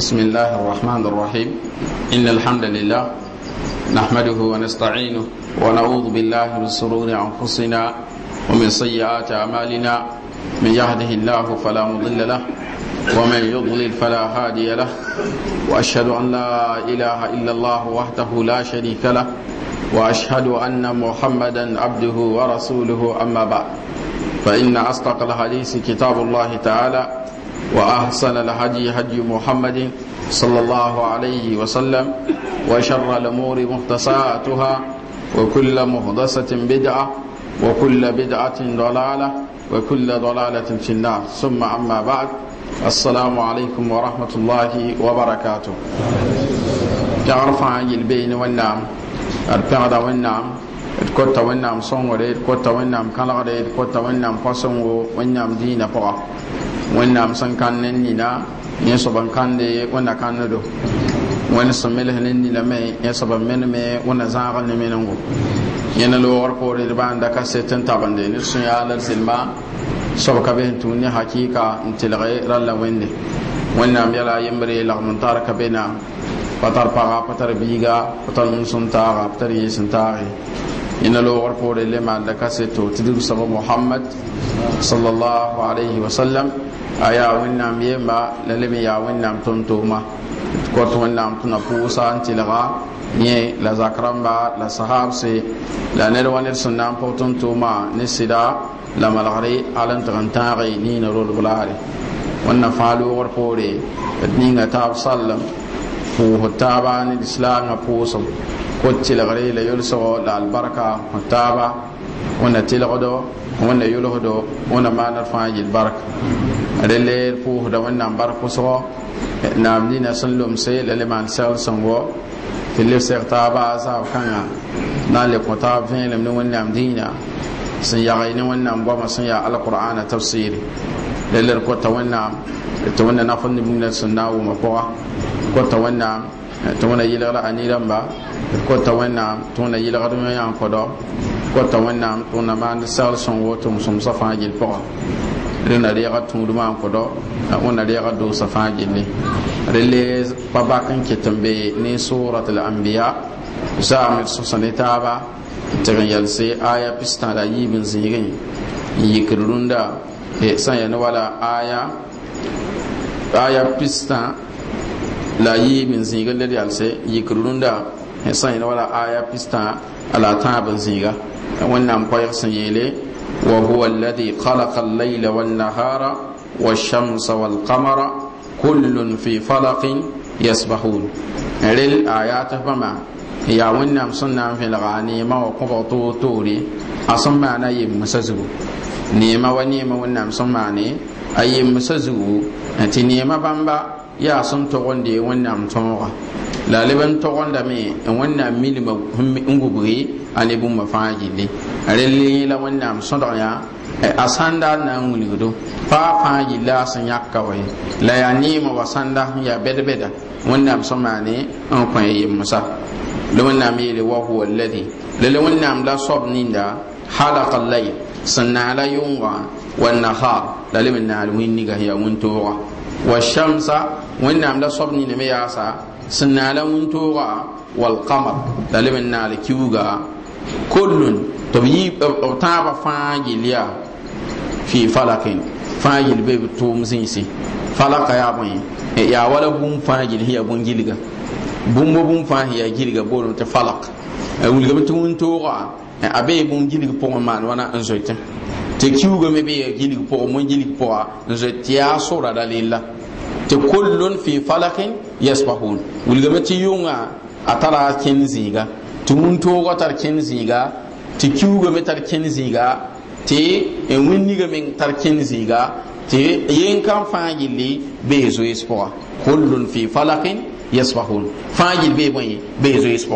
بسم الله الرحمن الرحيم إن الحمد لله نحمده ونستعينه ونعوذ بالله من شرور أنفسنا ومن سيئات أعمالنا من يهده الله فلا مضل له ومن يضلل فلا هادي له وأشهد أن لا إله إلا الله وحده لا شريك له وأشهد أن محمدا عبده ورسوله أما بعد فإن أصدق الحديث كتاب الله تعالى وأحسن الهدي هدي محمد صلى الله عليه وسلم وشر الأمور محدثاتها وكل محدثة بدعة وكل بدعة ضلالة وكل ضلالة في النار ثم أما بعد السلام عليكم ورحمة الله وبركاته تعرف عن البين والنعم البعد والنعم d kota wẽnnaam sõngre d kota wẽnnaam kãlgde d kota wẽnnaam kõ sõngo wẽnnaam dĩinã pʋga wẽnnaam sẽn kãnd ne nina yẽ soab n kãnde wẽnna kãnddo wẽnd sẽn mels ne nilame yẽ soab n menme wẽnna zãagr ne menengo yẽna loogr poore d bãan da ka set n tabende ned sẽn yaa la d zelma ka bes n tũud ne hakɩɩka n wani. ra wẽnde wẽnnaam yala yin yembre lagm n tar ka bena pa tar paga pa tar biiga pa tar wũn sẽn taaga pa tar yẽ sẽn taage yẽna loogr poore le maan da ka seto tɩ dug mohamad sallallahu alayhi wasallam a yaa wẽnnaam yemba la leme yaa wẽnnaam tʋm tʋʋma kot wẽnnaam tɩ na pʋʋsa n tɩlga yẽ la zak rãmba la sahaabse la ned wa ned sẽn na n pʋg tʋm tʋʋma ne sɩda la malgre hal n tɩg n tãage niinã rol bulaare wẽnna fãa loogr poore d ninga taab sallem pʋʋs taaba ne lislaangã pʋʋsem kot tɩlgre la la albarka taaba wẽnna tɩlgdo wẽnna yʋlsdo wẽnna maanad fãa yɩl bark releer pʋʋsda wẽnnaam bark pʋsgɔ naam nina sẽn lomse la le maan segl sẽngo tɩ leb seg taaba a zaab kãngã na n le kõ taab vẽelem ne wẽnnaam dĩinã sẽn yag ne wẽnnaam goamã sẽn yaa alqur'ana tabsɩɩre releer kota wẽnnaam tɩ wẽnna nafd ne bũmb sẽn na n wʋma pʋga kota wẽnnaam tõona yɩlgra a ba ko kota wẽnnaam tõona yɩlgd me yãn kõdg kota wẽnnaam tõona maand sagl sõng wotong sõmsã fãa gill pʋga rẽna rɛɛga tũud maan kõdg wẽna rɛɛga doosã fãa gilli rele pa bak n ket ke tambe ne surat lambiya zaam d sõsa ne taaba tɩg n yelse aya pistãda yiib n zĩigẽ n yikr rũndã e, sã n ni wala aya aya pistã la yi min zĩiga lel yalse yikr rũndã sã yẽna wala aya pistã ala tãab n zĩiga wẽnnaam koɛɛg sẽn yeele wa huwa alladhi khalaqa al-layla wan-nahara wash-shamsa wal-qamara kullun fi falaqin yasbahun rel ayata fama ya wẽnnaam sẽn na n vẽlga a neema wã kõbg toor toore a sẽn maana a yembsã zugu neema wa neema wẽnnaam sẽn maane a yembsã zugu tɩ neema bãmba ya sun togonde wẽnnaam tõoga la leb n togõndame n wẽnnaam milma n gubge a ne bũmba fãa gilli la wani wẽnnaam sõdg ya e, a sanda na n fa paa fãa gilla a sẽn yãkka wa ye la yaa neema wa sanda ya yaa wani bɛda wẽnnaam ne an n musa. ye yemsa la wẽnnaam yeele wa huwa alladi la la am la soab da halaka layl sẽn naag la yʋngã wa nahar la leb n naal wa shamsa wẽnnaam la ne ninime yasa sẽn na la wĩntooga walkamar la leb n naal kiuga kollun tɩ b yɩ b tãabã fãa yel yaa fɩ falakin fãa yel be b tʋʋm zĩise falaka ya bõe ya wala bun fãa hiya bun giliga bun gilga bũmba bũmb fãa sẽn yaa gilga boolem tɩ falak wilgame tɩ wĩntooga a bee bun giliga pʋgẽ maan wãna n zoɩtẽ te kiuga me be yaa gilg pʋgẽ mõn gilg pʋga ah. n zoe tɩ yaa sora ra lela kullun fi falakin yasbahun yunga tɩ yʋngã a tara kẽnd zĩiga tɩ wũntoogã tar te zĩiga tɩ kiugame tar kẽnd zĩiga tɩ ga me tar kẽnd zĩiga tɩ yen kan fãa gilli bee zoees pʋga kullun fi falakin yasbahun fãa be bee be zo zoees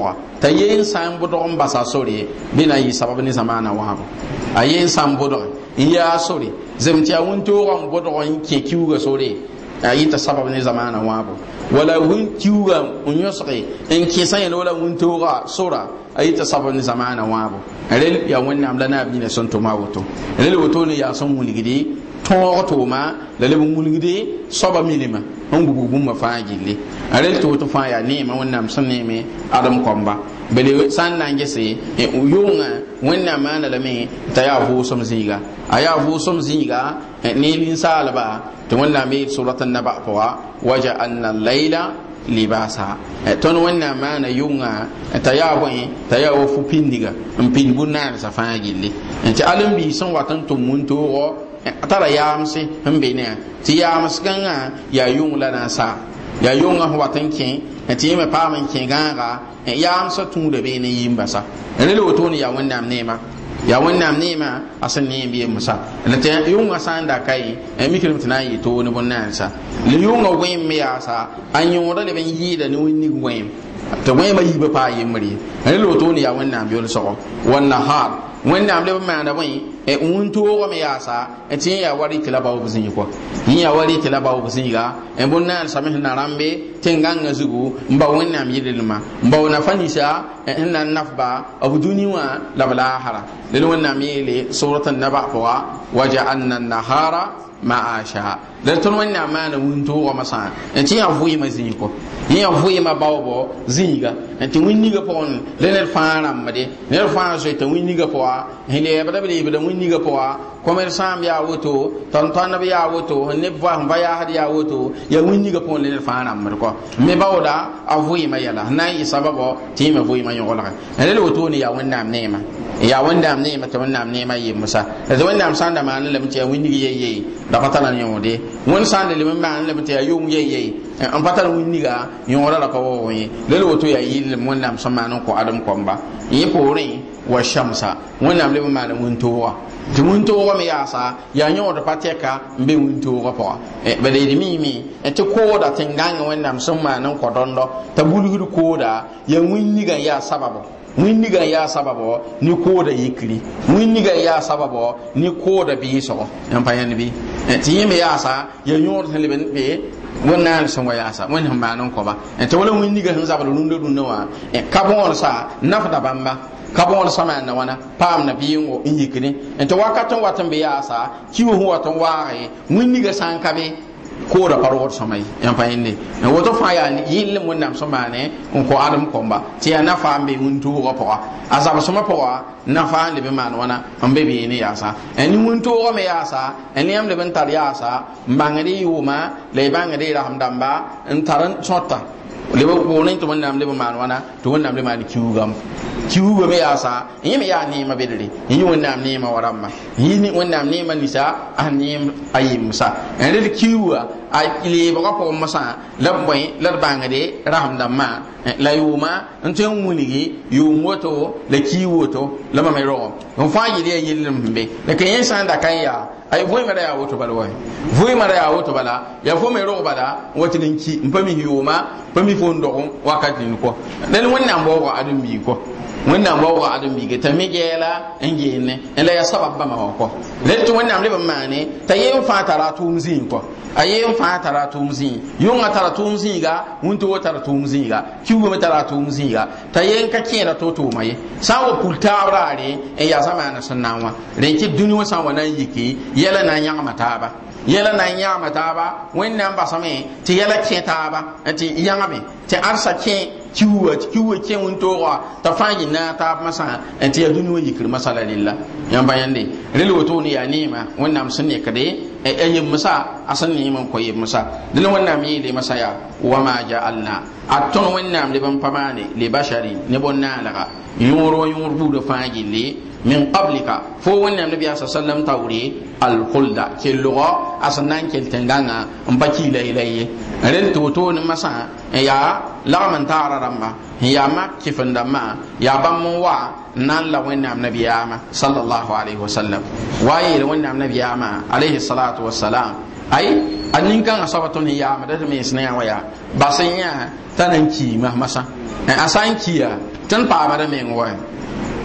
t'a yi n sã n basa sore bɩ na yi sababu ni zamana wa wãabo a yẽ n sã n bʋdg yi a sore zem tɩ a wẽn-toogã n bʋdg n kẽ kiuga sore a yɩta sabab ne zamaana wãabo wala wẽn kiuga n in ke san yẽl wala wẽn-toogã sora a yɩta sabab ne zamaana wãabo rel yaa wẽnnaam abin naab nina sẽn tʋma woto rel ya yaa sẽn wilgde tõog tʋʋma la leb wilgde soaba milima n gubg bũmba fãa gilli a rel tɩ woto fãa yaa neema wẽnnaam sẽn neeme adem kɔmba bele sã san na n gese e, yʋʋngã wẽnnaam maana lame t'a yaa vʋʋsem zĩiga a yaa vʋʋsem zĩiga e, ne ninsaalba tɩ wẽnnaam yeel surat n naba pʋga wa ja'alna layla libasa e, tõnd wẽnnaam maana yʋngã t'a yaa bõe t'a yaa wa fu pindiga n pind bũn-naansã fãa gilli tɩ alembiis sẽn wat n tʋm wĩntoogo tara yamsi n bɛ ne ti yams gãngã yaa yʋng la na n sa yaa yʋngã f wat n kẽ tɩ yẽ me paam n kẽ gãaga yamsã ne beene yɩm basa rel wotone yaa wẽnnaam neema ya ne neemã a sẽn neem yemsa la tɩ yʋngã kai, n daka ye mikrim yi na n yɩ toone bõn-naansã la yʋngã wẽm me yaasa a yõoda leb n yɩɩda ne wẽn nig wẽem tɩ wẽmã yiibã paa yembr ye rel wotone yaa wẽnnaam na har. wẽnnaam leb n maanda bõe wũntoogem yaasa tɩ n yaa wa rɩk la baoob zĩigã yẽ yaa wa rɩk la baoob zĩiga bõn sẽn na rãmbe tẽngãngã zugu n ba wẽnnaam yɩllmã n bao nafa ninsa n na n e, nafba b dũni wã la b laasara lel wẽnnaam yeele sʋgrt n naba pʋga wa jaalna nahara ma'asha da tun wannan mana wun to wa masa en ti ya voyi ma zin ko ni ya voyi ma bawo bo zinga en ti wun pon le ne fara made ne fara so e, ta wun niga po hele ya bada bada wun niga po kommer sam ya woto ton ton bi ya woto ne ba ba ya har ya woto ya winni ga pon ne fa mar ko me oda avui ma yala na yi sababo ti me vui ma yo la ne le woto ni ya wanda am nema ya wanda am nema to wanda am nema yi musa da wanda am sanda ma an lamti ya winni ga ye da fatana ne wode won sanda le ma an le ya yum yeye? Eh, an pata n pa tar windiga yõoda la ka waoo ye lel woto yaa yɩll wẽnnaam sẽn maan n koadem kõmba yi poorẽ wa shamsa wani wẽnnaam leb wani maana wĩntooga tɩ wĩntoogã me yaasa yaa yõod pa eh, tɛka n be wĩntoogã pʋga bala d miime tɩ kooda tɩ n gãng wẽnnaam sẽn maan n kõ dõndɔ t'a bulsd kooda ya wĩnniga n ya sababu wĩnniga n ya sababu ni kooda yikri wĩnniga n yaa sababɔ ne kooda bɩɩsgɔ n pa yãnd bɩ tɩ yẽ me yaasa yaa yõod sẽn leb n be wẽnnaam sẽn wa yaasa wẽnd sẽn maan n kɔba tɩ wala wẽn niga sẽn zabd rũndã rũndã wã ka bõolsa nafda bãmba ka bõolsã maanda wãna paam nabiɩngo n yikne tɩ wakat n wat n be yaasa kiwo sẽn wat n waage wẽn niga sã n ka be koda pa roor sõma ye yã pa yẽnde woto fãa yaa yɩll wẽnnaam sẽn maane n ko adem kõmba tɩ yaa nafaa n be wĩntoogã pʋga a zabsẽmã pʋga nafaa n leb n maan wãna n be beene yaasa ne wĩntoogã me yaasa n yãmb leb n tar yaasa n bãngd y yʋʋma la y bãngd y rasem dãmba n tar n sõta leb n pʋʋne tɩ wẽnnaam leb n maan wãna tɩ wẽnnaam le maan kiugame ki me yasa yim ya nema bidri yi wonnam nema waramma yi wonnam nema nisa an ah nem ayim sa en le kiwa a ile ba ko masa labbai larbangade rahamda ma eh, la yuma ntun wunigi yumoto la kiwoto la ma mai ro on fa yi de yilim be da kan yasa da kan ya ay voy mara ya woto bala wai voy mara ya woto bala ya fo mai ro bala wati ninki mpami yuma pami fo ndo wakati ni ko dan wonna bo ko adun bi ko wẽnnaam wa wagdem bige t'a mi gɛɛla n geenne n la ya sabab bãmba wã kɔ le tɩ wẽnnaam leb n maane t'a yee n fãa tara a tʋʋm zĩig kɔ a yee n fãa tara a tʋʋm zĩig yʋngã tara tʋʋm zĩiga wĩntogo tara tʋʋm zĩiga kiugame tara a tʋʋm zĩiga t'a yee n ka kẽeda to-tʋʋma ye sã e n wa pul taab raare n yaa zamaana sẽn na n wã rẽn tɩ dũni wã sã n wa na n yiki yɛla na n yãgema taaba yɛla na n yãgema taaba wẽnnaam basame tɩ yɛla kẽ taaba tɩ yãgame tɩ arsa kẽ kiwa kiwa ke wun to ta fanyi na ta masa en ya yadu no yikir masala lilla yan bayan ne rilu to ni ya nema wannan musun ne kade ayi e, e musa asan ne mun koyi musa dil wannan yi le masa ya wa ma ja'alna atun wannan le ban pamane le bashari ne bonna laga yoro yoro bu da fanyi le min qablika fo wannan nabi sallallahu alaihi wasallam tawri al khulda sẽn na n kell tẽngãngã n pa kiila yela rel to-tooni masa ya yaa lagm n taara rãmba n yaa mak kɩfendãmbã yaa bãmb n wa n na n la wẽnnaam ma sallallahu alaihi wasallam wa n yeel wẽnnaam nabiyaamã alaihi salatu wasalam ay eh, a nin-kãngã soaba tõnd n yaama dat mees ne yã wa yaa bas n yã masa. Asan n ya masã pa sã da me tɩ Na paama da meng wa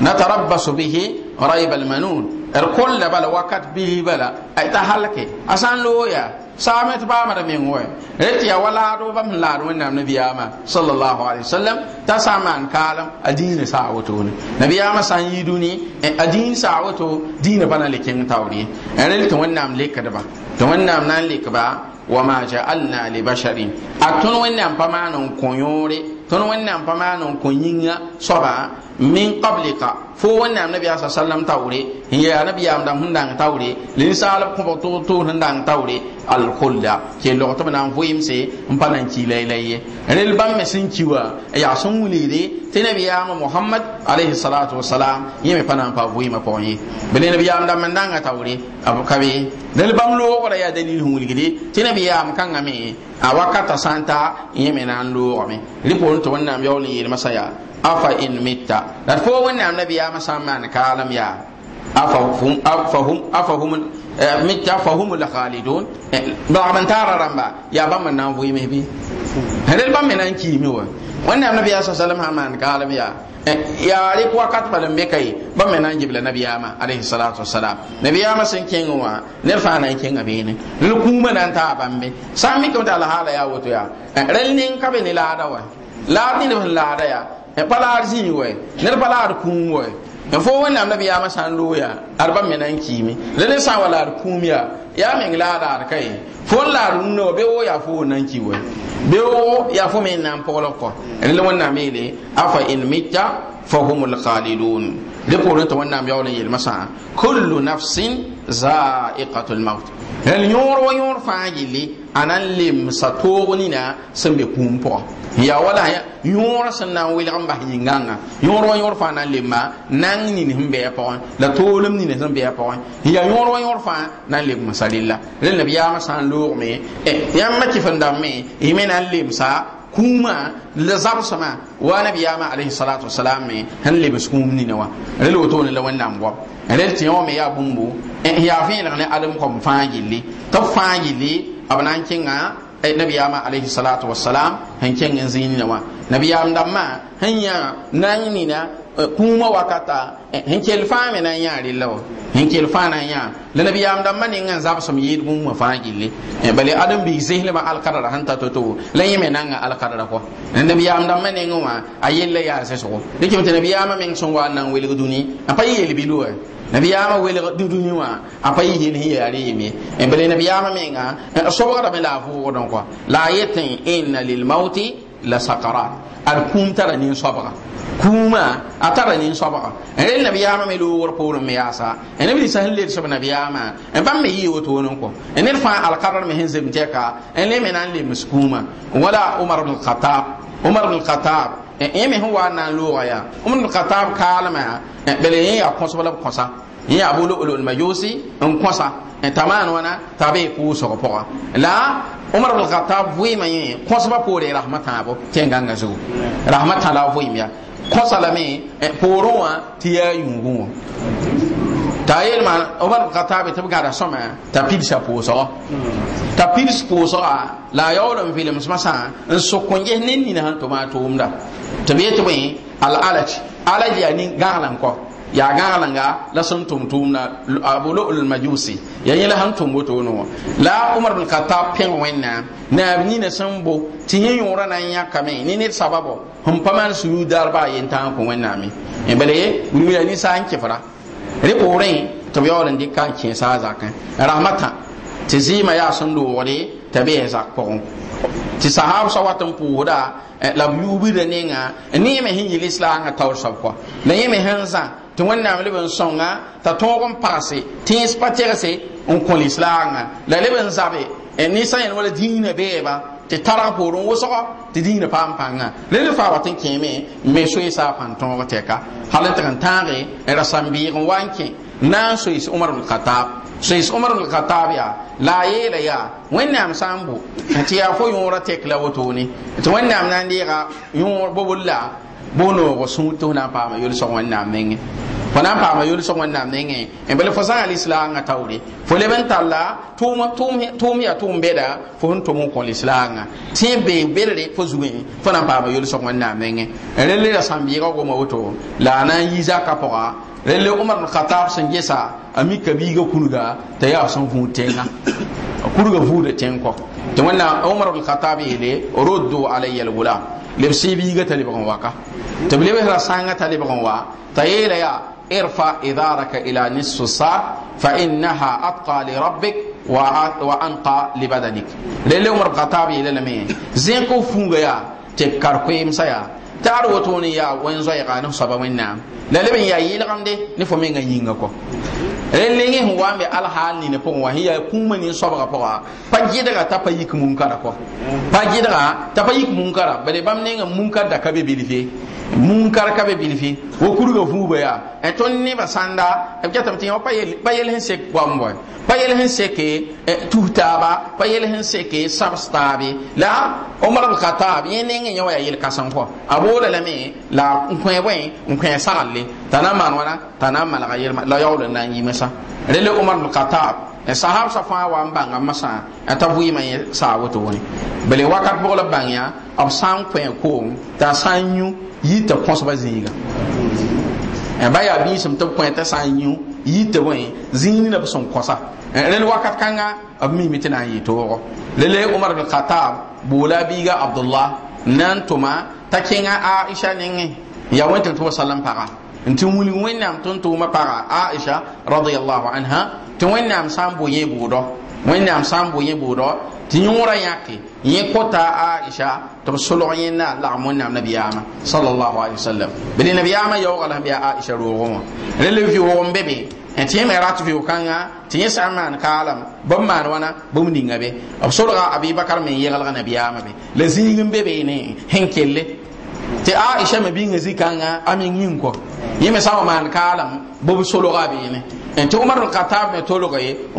natarabbasu bihi raiba almanun d er kolla bala wakat bi bala a t'a halke a sã n looya saame tɩ baamda meŋ wɛ ret ya wa laado bãmb sẽn laad wẽnnaam nabiyaamã salallahu alai wasalam t'a sã n maan kaalem a diinã saa wotone nabiyaamã sã n yi dũni a diin saa woto diinã pa na le kẽng taoor ye rel tɩ wẽnnaam lekdba tɩ wẽnnaam na n lekba wama ja'alna li basharin a tõnd wẽnnaam pa maan n kõ yõore tõnd wẽnnaam pa maan n kõ min qablika fo wannan annabi ya sallam tawre ya annabi ya amdan hundan tawre lin sal ko to to hundan tawre al khulda ke lo to nan fo imse mpanan ki lailaye rel bam me sin kiwa ya sun wuli de tin nabi ya muhammad alaihi salatu wassalam yi me panan pa fo ima ponyi bele nabi ya amdan mandan tawre abu kabe rel bam lo ko ya dalil hun wuli de tin nabi ya am kan ame a wakata santa yi me nan lo ame ripon to wannan yawlin yi masaya afa in mitta la fo wẽnnaam nabiyaamã sã n maan kaalem yaa eh, mitta hum, la khalidun dagb eh, n taara rãmba yaa bãmb n na n vɩɩmes bɩ rel bãmb me na n kiime wa wẽnnaam nabiyaa sa salam sã n maan kaalem yaa eh, yaa rɩk wakat bal n beka ye bãmb me na n gibla nabiyaamã alayhi salatu wasalam nabiyaamã sẽn kẽng wã ned fãa na n kẽnga beene rel kũumã na n taa bãmbe sã n mikame tɩ alhaala yaa woto yaa rel ning ka be ne laada wa laad ne leb sẽn laada yaa e palaar zĩig wɛ ned palaar kũum wɛ n fo wẽnnaam nabiyaamã sã n looya ad bãmb me na n kiime rẽd ne sã n wa laad kũum yaa yaa meng la a laadka ye fo n laad rũndã wã be woo yaa fo wẽnna n ki wɛ be woo yaa fo me n na n pʋglg kɔ rẽl wẽnnaam yeele afa in mitta fa hum lkhalidun de pore to wannan ya wala yel masa kullu nafsin za'iqatul maut hel yor wa yor fa'ili anan lim satogni na sembe kumpo ya wala ya yor sanna wila amba hinganga yor wa yor fa'ana limma nang ni himbe ya pawon la tolum ni himbe ya pawon ya yor wa yor fa nan lim masalilla len nabiya masan lurme e yamma kifanda me imena lim sa kuma la zabsama wa nabi nabiyama alayhi salatu wassalam me han le biskum ni nawa rel woto ne la wannan go rel ti yawo me ya bumbu eh ya fi ne alim kom fangili to fangili abnan kinga eh nabiyama alayhi salatu wassalam han kinga zini nawa nabi nabiyam damma hanya nan ni na kuma wakata eh, n kell fãa me na n yãa rella wa n kell fãa na n yãa la nabiyaam dãmbã ning n zabsem yeel bũmba fãa gilli eh, bale adam bi zehle ma alqarar hanta to-to la yime nan ga alqarar ko nan nabi ya amdan nabiyaam dãmbã ning wã a yella yaa sẽsgo dẽn kɩm tɩ nabiyaamã meng so wa nan weli n na n welg dũni a pa yɩ yel duni wa nabiyaamã welg dũni wã a pa eh, bale nabi ya yaa reeme bale nabiyaamã ga da me la a don ko la yatin inna lil mauti la sakara ad kum tara nin sabga kuma atara nin sabga en nabi yama me lowor porum me yasa en nabi sahil le sab nabi yama en pam me yiwo to non ko en ne fa al qarar me hinzem teka en le me nan le muskuma wala umar bin khattab umar bin khattab en e me huwa nan lo ya umar bin khattab kalma e, bele e ya konsobala konsa yẽ yaa bolo olol mayosi n kõsa n ta maan wãna t'a bee pʋʋsg pʋga la omar bn khatab vɩɩmã yẽ kõsbã poore rasma tãabo tɩ n gãngã zugu rasma tã la a vɩɩm ya kõsa lame poorẽ wã tɩ yaa yũugẽ wã t'a yeelma omar bn khatab tɩ b gãda sõma t'a pilsa pʋʋsga t'a pils pʋʋsga la a yaool n vɩlemsmã sã n sʋk n ges ne nina sẽn tʋma a tʋʋmda tɩ b yetɩ bõe al alaj alaj yaa nin gãglã kɔ ya garalanga la sun tumtum na abu al majusi ya yi la han boto no la umar bin khattab pen wenna na abni na san bo ti yin yora nan ya kame ni ne sababo hum paman su yu darba yin ta ko wenna mi e bale ni ya ni san ke fara re ko re to ya wala ndika ke sa zakan rahmata ti zima ya sun do wore tabe ko ti sahab sawatan puhuda e, la bi da nga. E ni me hin yi lislanga tawsab ko ne me hanza tɩ wẽnnaam leb n sõnga t'a tõog n pagse tẽes pa tɛgse n la leb n zabe e ninsã yẽl wala dĩinã tɩ targ poor n wʋsgɔ tɩ dĩinã paam pãngã le le n kẽeme n me a pãn tõog tɛka hal tɩg n tãage rasãn n wa n kẽ na n soees omar omar yaa la a yeela yaa wẽnnaam sã n bo tɩ yaa fo yõorã tɛk la wotone tɩ wẽnnaam na n deega yõor bono sun sunto na pa ma yol so wonna menge ko na paama yʋl sg wẽnnaam menge en bele fo islam nga tawri fo le n talla tumi ya tʋʋm bɛda fo sẽn tʋm n kõ lislaangã sẽn n bee fo zuwe fo na n paama yʋl sg wẽnnaam nengẽ rel e ra sambi e ko mo woto la a na n yi zakã Lallai umar bin khattab sun gesa ami kabiga kurga ta ya sun fu tenga kurga fu da tenko to wannan umar khattab ile ruddu alayya al lebsi biga taliban waka tablebe ra sanga taliban wa tayela ya ارفع إذارك إلى نصف الساعة فإنها أتقى لربك وأنقى لبدنك للي عمر الخطاب taar woto ne ya wen zo ga no saba wennam la leben ya yilgamde ne fo men ga yinga ko relingi huwa wambe al hal ni ne pon wa hiya kuma ni saba ga pawa daga ta payik mun kara ko pajidra ta payik mun kara bale bam ne ga mun kara da be bilife munkar ka be bilfi wo kurga fuba ya e ton ni ba basanda e jatam tin pa yel pa yel hen sek bombo pa yel hen seke tutaba pa yel hen seke sabstabi la umar al khattab yene ngi nyawa yel kasan ko abola la me la nkwen wen nkwen saralle tanama wana tanama la yel la yawla na yi masa rele umar al khattab sahabsã fãa wa n bãnga masã a ta vɩɩmã yẽ saa woto wʋne bele wakat pʋg la bãng yã b sã n kõ koom tɩ a sã n yũ yɩ tɩ kõsba zĩiga ba e yaa bĩisem tɩ b kõ tɩ sã n yũ yɩ tɩ bõe zĩig la b sẽn kõsa rel e wakat kãngã b miime tɩ na n yɩ toogo lele omar bn khatab boola a biiga abdullah n na n tʋma t'a kẽngã aisha nengẽ yaa wẽntɩr tɩ wa sallam pagã nti wuli wẽnnaam tʋm tʋʋmã paga aisha radiallahu anha tɩ wẽnnaam sã n bʋ yẽ bʋʋdɔ wẽnnaam sã n bʋ yẽ bʋʋdɔ tɩ yõorã yãke yẽ kota aisha tɩ b solg yẽnna lagm wẽnnaam nabiyaamã Sallallahu alaihi wasallam bɩ dɩ nabiyaamã yaooga la sẽn bɩ yaa aisha roogẽ wã rel vɩoog n be be tɩ yẽ me rat vɩʋg kãngã tɩ yẽ sã n maan kaalame wana. maan wãna bõmb ninga be b solga abibakar me n yɛglg nabiyaamã be la zĩig n be be ne sẽn kelle tɩ aisha me bĩngã zikãngã amin me ko yi yẽ me sã n wa solo ga bob ne beene tɩ umar lkatab me ko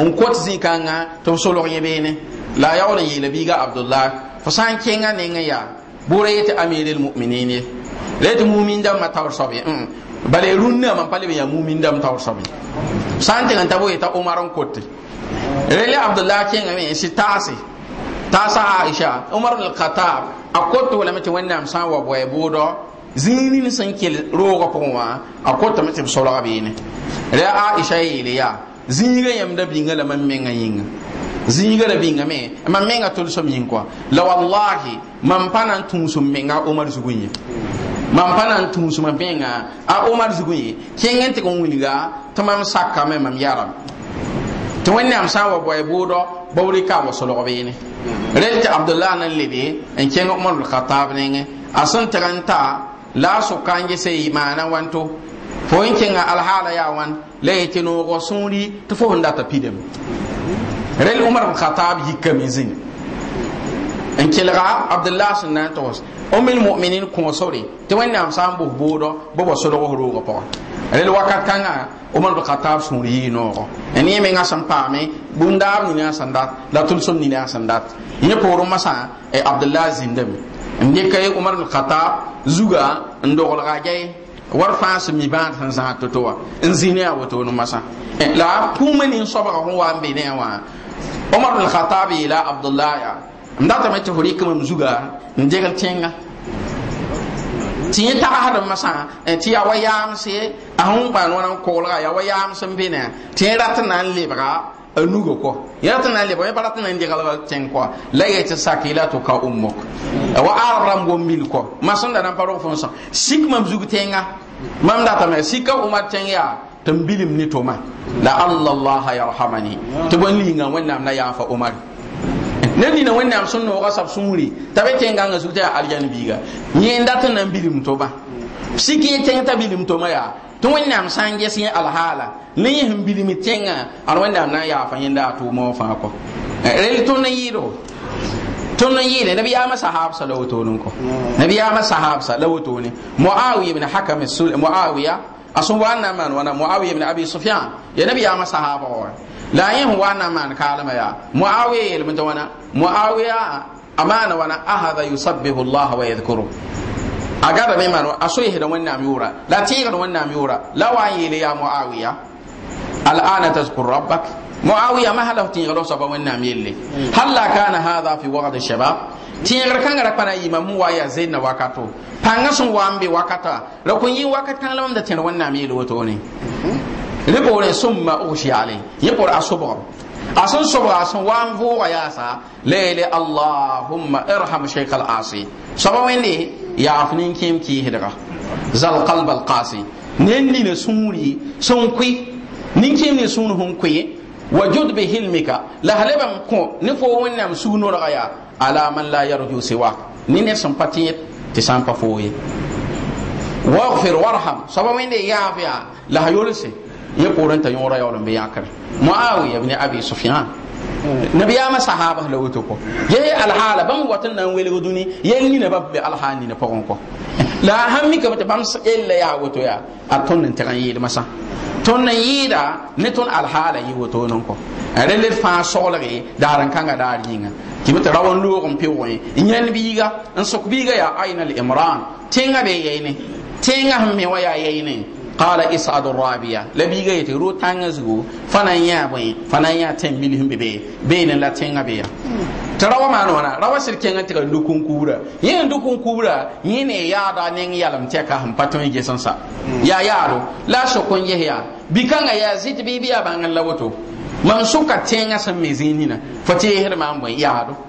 n kot zĩ-kãngã tɩ b solg yẽ ne la yaool yi yeela ga abdullah fo sã n ne ne. n yaa bʋʋra yetɩ amir lmuminin ye la yetɩ mumin dãmbã taoor soab ye mm. bala rũnnãmã pa leb n yaa mumin dãmb ma soab ye sã n tɩg ta bo yeta umar n kote rel abdullah kẽngame sɩ taase taasa aisha umar lkatab a kot wala ti wani sã n wa bɔɛ bʋʋdɔ zinin sun ke roga kuma pʋgẽ wã a kotame tɩ b solga beene ya. aisha ya yaa zĩigã da binga la mam menga yĩnga zĩigã da binga me Man menga tʋlsem yĩng kɔa la wallahi man panan na n tũusum menga a omar zugẽ ye mam pa na a umar zugẽ ye kẽng n tɩg n wilga tɩ mam sakame mam wani tɩ wẽnnaam sã n wa bɔɛ bʋʋdɔ bawri ka wa solog beene rent abdullah nan lebe en ken umar al khattab nenge asan taranta la so kanje se imana wanto fo en ken al hala ya wan la yete no go sunri to fo nda ta pidem rel umar al khattab yikam izin en kelga abdullah sun nan tos ummul mu'minin kuma sore to wannan am sambu bodo bobo solog ho ro ko rel wakat kãngã sun bɩ kataab sũur yɩɩ noogo ne mengã sẽn me bũmb-daab nina sẽn dat la tʋlsem nina sẽn dat yẽ poorẽ masã abdullah zĩndame n dɩka omar bɩ kataab zuga n doglga gɛɛ war fãa mi bãad san zãag toto wa wã n zĩ ne a wotone masã la kuma ni soabga sẽn wa n be ne wa. omar bɩ kataab la abdullah ya n datame tɩ hori rɩkmam zuga n degl ta yẽ masa sãn ti ya wayam se a hun paand wãna n ya wayam yaam bi ne ti yẽ rat n na n lebga a nuga kɔ ya rat n na n lebga yẽ pa rat n na n deglga tẽng kɔ la yee tɩ sakilatu ka ummok wa arab rãmb gom mil ko ma sẽn da na n pa rog fõn sã sik mam zug tẽnga mam datame sika umar tẽng yaa tɩ n bilim ne tʋma la allah yarhamani tɩ bõn linga wẽnnaam la fa umar ne ni na wẽnnaam sẽn nooga sab sũuri t'a be kẽng gãngã zug tɩ yaa algan biiga yẽ dat n na n bilm tʋma sik yẽ tẽng t'a bilm tʋma yaa tɩ wẽnnaam sã n ges yẽ alhaala ne yẽ sẽn bilm tẽngã ad wẽnnaam na n yaafa yẽnda a tʋʋma wã fãa kɔ rel tʋnd n yɩɩd tun nan yele nabi ya masa habsa la wotonin ko nabi ya masa habsa la wotonin muawiya ibn hakam sul muawiya asun wa anna man wa muawiya ibn abi sufyan ya nabi ya masa habsa لا يهم وانا ما نكالم يا معاوية المتوانا معاوية أمانة وانا أهذا يسبه الله ويذكره أقرب مما أصيح دون نام يورا لا تيغ دون نام يورا لا وعي يا معاوية الآن تذكر ربك معاوية ما هلا تيغ دون سبا وين يلي هل كان هذا في وقت الشباب تيغ ركان ركان ايما موايا زيدنا وقتو فانغسن وانبي وقتا لو كن يي وقت كان لهم دا تيغ دون نام يلي لبور ثم أوشي عليه يبور أصبر أصن صبر أصن وان فوق يا سا اللهم ارحم شيخ العاصي صبر وين لي يا أفنين كيم كي هدرا زل قلب القاسي نيني نسوني سون كوي نين كيم نسون هم وجود به علمك لهلبا مكو نفو وين نام سونو رغيا على من لا يرجو سواك نين نسون باتيت تسان بفوي واغفر وارحم صبر وين لي يا أفيا لا يرسي ya koranta yõora yaool n be yãkre ya bini abi sufian nabiyaamã sahaba la woto kɔ ye alhaala bãmb wat n na n welg dũni yel nina ba be alhaa nina pʋgẽ kɔ la sãn mikame tɩ bãmb ella yaa woto yaa a tõnd n tɩg n masa masã tõnd n yɩɩda ne yi alhaala yɩ wotone n kɔ rel d fãa Daran Kanga da kãnga ki bata tɩ b tɩ rao n loog n pɩʋgẽ n yãnd biiga n sʋk biiga ya aina l imran tẽngã bee yɛɩne tinga sẽn me waya yaa ne. qala is'ad ar-rabiya la bi ga yete ro tanga zugo fanan ya bai fanan ya tan milhim bebe bayin la tenga be ya tarawa ma no na rawa sirke ngan tika dukun kubra yin dukun kubra ne ya da ne yalam te ka han paton ge sa. ya ya yaro la so kon ye ya bikanga ya zit bibiya bangan lawoto man suka tenga san mezini na fati hirma an bai yaro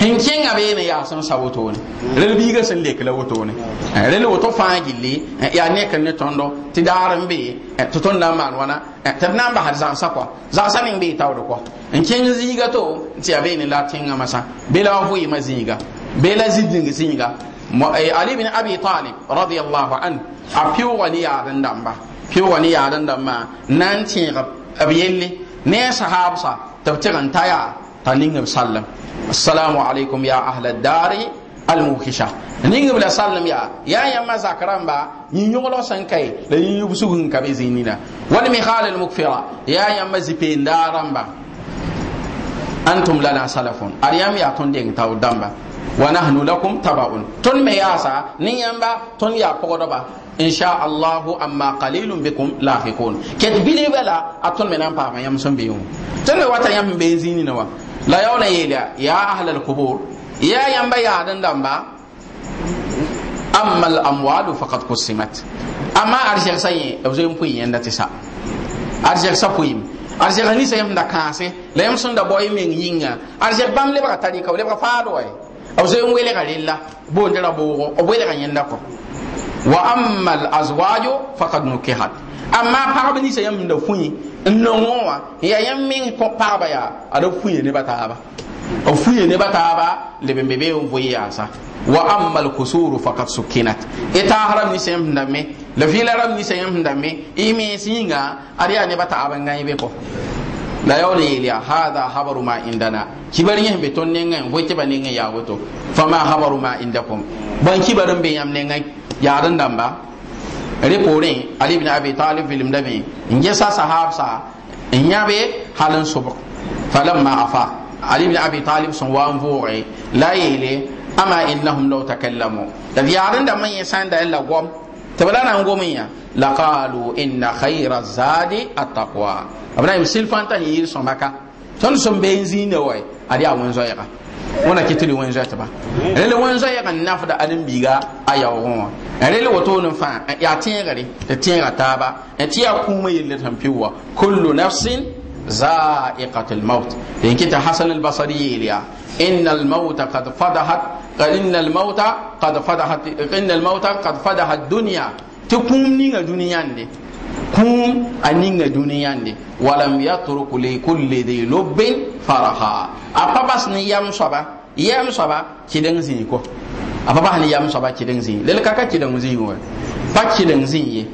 sẽn kẽngã b yeene ya sẽn sa ne rel biigã sẽn lek la woto ne eh, rel woto fãa eh, ya ne kan ne tondo ti darin be eh, to ton na man wana ta nan ba na sakwa za zãgsã be ta ning bee taood kɔa n to ti abe ne la a masa masã bee la wa vɩɩmã zĩiga bee la zĩ-dĩng ali bin abi talib radiyallahu an a pɩʋgã wani yaad dan ba pɩʋgã wani yaad dan dãmbã n na n tẽeg ne sahabsa tabtiran taya t'a ningb sallem assalamu alaikum ya ahla dari almuhisha ningb la sallem ya ya yamma zakramba ni nyoglo san kai la ni yubsu gun kabe zinina wal mihal al mukfira ya yamma zipe ndaramba antum lana salafun aryam ya ton deng taw damba wa nahnu lakum tabaun ton me yasa ni yamba ton ya pogodoba insha allahu amma qalilun bikum lahiqun ket bile bala atol menan pa ma yam son biyu tan wata yam benzini na wa la yaola yeela ya ahla alqubur ya yamba ya yaadan damba amma alamwalu faqad qusimat amma arjeg sã yẽ b zoeen tisa yẽnda tɩ sa arjeg sã pʋɩm arjeg ninsã yẽmda kãase la yam sẽn da bao y meng yĩnga arjeg bãmb lebga tarɩka b lebga faad wa b zoeen welga rella boonde ra boogo b welga yẽnda kɔ wa amma alazwaajo faqad nukihat amma paɣaba ninsã yãmb da funyi, n nongẽ wã n yaa yãmb meng pagba yaa ad a ba ta ba, a ne ba ta leb n be bee n vʋɩ yaasa wa amma alkusuru faqad sukkinat y taas rab ninsã yãmb sẽn da me la vɩɩla rab ninsã yãmb sẽn da me y meens yĩnga ad yaa nebã taab n gãe be kɔ la yaool yeel yaa hada habaru ma indana kibar yẽs be tõnd nengẽ n vɩ tɩ ba nengẽ yaa woto fama habaru ma indakum bõn kibar n be yãmb nengã yaad n dãmba re pore ali ibn abi talib film dabe nge sa sahab sa nyabe halan subr falamma afa ali ibn abi talib son wa mvore la yele ama innahum law takallamu da yaran da man yasan da Allah gom tabala nan gomin ya la inna khayra zadi at-taqwa abna silfanta yir somaka ton sombe nzine wai ali awon zoyaka wẽna kɩtɩl wẽn zoɛtɩ ba ya wẽn zoɛɛg n nafda ãdembiiga a yaoogẽ wã rel wotone fãa yaa tẽegre tɩ tẽega taaba tɩ yaa kũumã yell sẽn pɩ wa kullu nafsin zaiqat lmaut tɩ n kɩtɩ hasan albasari yeel yaa إن الموت قد فضحت إن الموت قد فضحت إن الموت قد فضح الدنيا تقوم نيغا دنيا kum aninga أنيغا دنيا walam ولم li kulli ذي lubbin faraha a pa bas ni yam soba, yam soba kideng zi ko a pa bas ni yam soba kideng zi lel kaka kideng zi wa pa kideng zi ye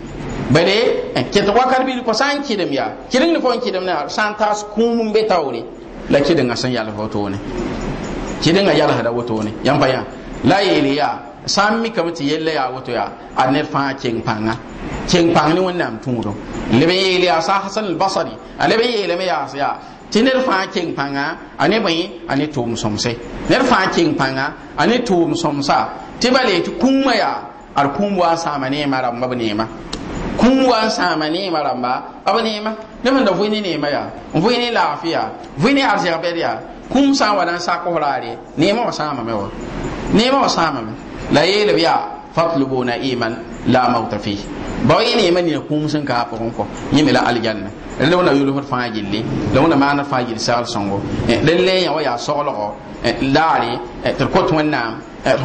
bale ke to ka bi ko san kidem ya kideng ni fon kidem na san tas kumum be tawre la kideng asan la hoto ne ya la hada woto ne yam bayan la ya. sãn mikame tɩ yella ya woto ya, a nefa fãa keng panga. keng pãng ne wẽnnaam tũudum leb n yeele ya sa hasan albasari a leb n yeelame yaas yaa tɩ ned fãa keng pãnga a ne bõe a ne tʋʋm sõmse ned fãa keng pãnga a ne tʋʋm sõmsa tɩ bale tɩ kũumã yaa ad kũum wa n sãama neemã rãmba b neema kũum wa n sãama neemã ne ma neema neb n da vɩ ne neema yaa n vɩ ne laafɩ yaa vɩ ne arzɛgbɛd yaa kũum sã n wa na n me wa neemã wã ma me la yeelb yaa fatlubu na'iman la mauta fi ba wa ne mani kum sun ka fa ko yimi aljanna maana eh, ya ya soglo laari ter ko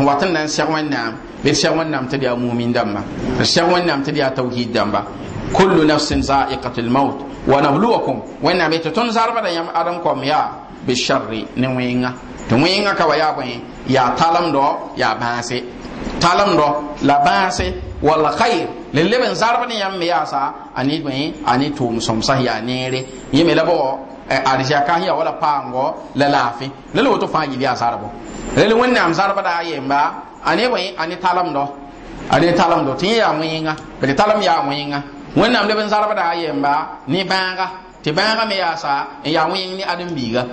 watan nan sha wannam be sha wannam ta dia mu'min damma ta tauhid kullu nafsin za'iqatul maut wa nabluwakum zarba da yam adam kom ya bi sharri ne to ka ya talamdo ya bãase talamdo la bãase walla khayr le leb n zarb ne yãmb me yaasa a ne bõe a ne tʋʋm sõmsa yaa neere yẽ me la e, bao ya wala paango la laafɩ la la woto fãa yil yaa zarbo rel wẽnnaam zarbda a yemba a ne bõe a ne talemdo a ne talemdo tɩ yẽ yaa wẽnga bd talem yaa wẽnga wẽnnaam leb n zarbda yemba ne bãaga tɩ bãagã me yaasa n yaa wẽng ne ãdem-biiga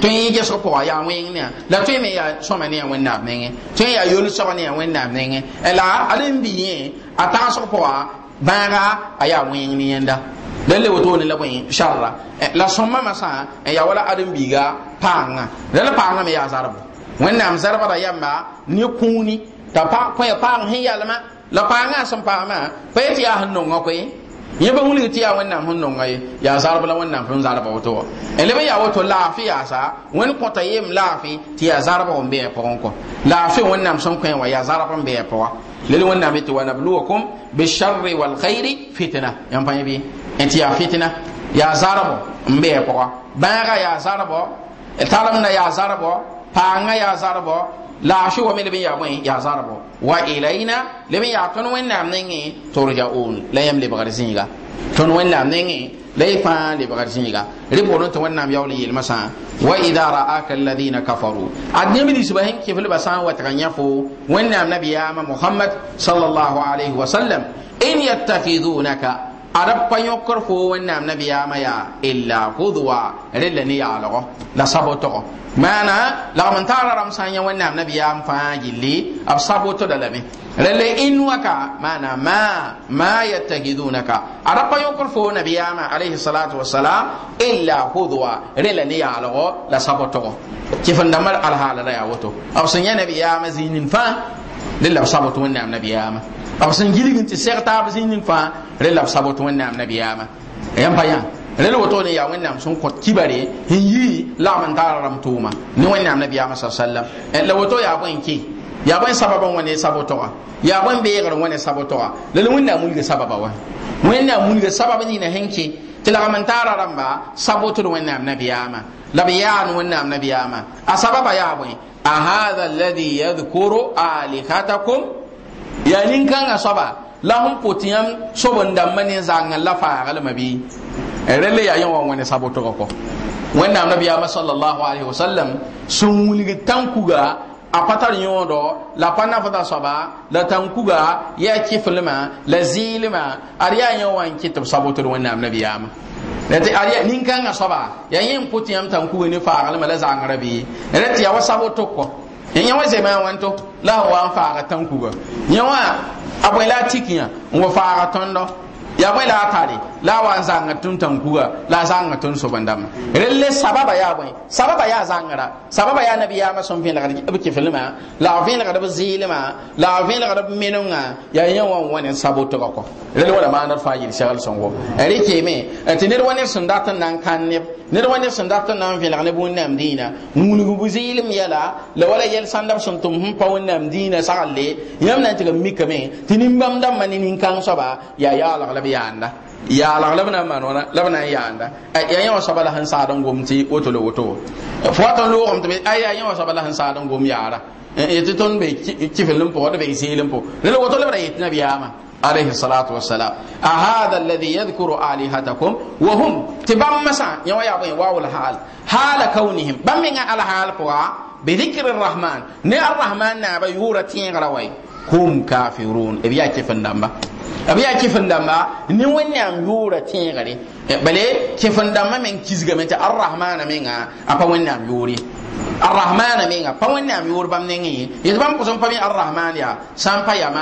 tõe yẽ gesg pʋga yaa wẽng ne la tõe me yaa sõma ne a wẽnnaam nengẽ tõe n yaa yol-soag ne a wẽnnaam nengẽ la ãdem-bii yẽ a tagsg pʋga bãaga a yaa wẽng ne yẽnda dan le woto ne la bõe sharra la sõma masã n yaa wala ãdem-biiga paangã rala paangã me yaa zarbo wẽnnaam zarbda yamba ne kũuni t'a kõ ya paang sẽn yalma la paangã sẽn paama pa yetɩ yaa sẽn nonga koe yi wilg tɩ yaa wẽnnaam sẽn nonga ye yaa zarb la wẽnnaam zarba woto leb n yaa woto laafɩ yaasa wẽnd laafɩ tɩ yaa n bɩ pʋgẽ kɔ laafɩ wẽnnaam sẽn kõ yaa zarb n bɩ pʋga lel bisharri walgayri fitna yẽ bɩ n tɩ yaa yaa n bɩ pʋga bãaga yaa na la ashu wa mele ya mwen ya zarabo wa ilaina le ya ton wen nam nenge turjaun la yam le bagar zinga ton wen nam nenge la fa le bagar zinga le bono ton wen nam yawli yel masa wa idha ra'aka alladhina kafaru adnemi di subahin ke fil basan wa taganyafo wen nam nabiyama muhammad sallallahu alaihi wa sallam in yattakhidunaka arab pa yõkr fo wẽnnaam nabiyaamã yaa illa hudwa rela ne yaalgo la sabotogo maana lagm n taara rãmb sã n yã wẽnnaam nabiyaam fãa gilli b sabotda lame rela ĩn waka maana ma ma yatahidunaka arab pa yõkr fo nabiyaamã alayhi salatu wasalam illa hudwa rela ne yaalgo la sabotogo tɩ f n dãmb alhaala la yaa woto b sẽn yã nabiyaamã zĩinin fãa rela b sabot wẽnnaam nabiyaamã او سنجيلي انت سيرتا بزينين فا رلا سابوت وين نام نبي ياما ايام بايا رلا وتوني يا وين نام سون كوت كيباري هي لا من دار رم توما ني وين نام نبي ياما صلى الله عليه وسلم لا وتو يا بوين كي يا بوين سبب وين سابوتوا يا بوين بيغر وين سابوتوا لا وين نام ولي سبب وين نام ولي سبب ني نهنكي تلا من دار رم با سابوتو وين نام نبي ياما لا بيان وين نام نبي ياما اسبب يا بوين اهذا الذي يذكر الهتكم ya kan asaba la hun pʋt yãmb sob n dãmbã ne zãng bi. la faaglmã bɩ e rẽl yaa yẽ ko. wẽne sabotgã kɔ wẽnnaam nabiyaamã sallallahu alaihi wasallam sun wilg tãn kuga a patar tar yõodo la pa fata saba la tãn ya yaa kɩflmã la zilma ad yaa kitab wa n kɩt b sabotd ma. nabiyaamã ariya ad nin-kãngã soaba ya yin n pʋt ne faaglmã la zãngrã bɩ rẽtɩ yaa wa ko. yẽ wa zema wan to la wa n faaga tãn kuga yẽ wã a bõe la a tik n wa faaga ya bai latare a tare la a wa n zãnga tõnd tãn kuga la a zãnga tõnd sobendame rel le sababa ya bõe sababa ya zãngra sababa yaa nabiyaamã sẽn vẽlgd b kɩflmã la a vẽlgd b la fi lagar b menongã yaa yẽ wa n wa ne sabotga kɔ rel wala maanda fãa yel segl sẽn wo rɩkeme tɩ ned wa neb sẽn dat n na n kãn neb ned wa neb sẽn dat n na n vẽlg ne wẽnnaam dĩinã wilg b la wala yel sandam dab sẽn tʋm sẽn pa dina dĩinã sagle yãmb na n tɩg m mikame tɩ nin-bãmb dãmbã ne nin-kãng soaba la yaanda yaalag la b na n maan wãna la b na n yaanda yaa yẽ wã soaba la sẽn saad n gom tɩ woto woto fo wa tõnd loogem tɩ a yaa yẽ wã soaba la sẽn saad n gom yaara yetɩ tõnd be kifl n pʋgd be zeel n pʋ rela woto lebra yetɩ nabiyaamã عليه الصلاة والسلام أهذا الذي يذكر آلهتكم وهم تبام مسا يوا يابين واو الحال حال كونهم بمين على حال بذكر الرحمن ني الرحمن نابا يورا تين غراوي hum kafirun b yaa kɩfen bale a pa wẽnnaam yʋʋr ye arrahmana menga pa wẽnnaam yʋʋr bãmb nengẽ ye pa arrahman pa ya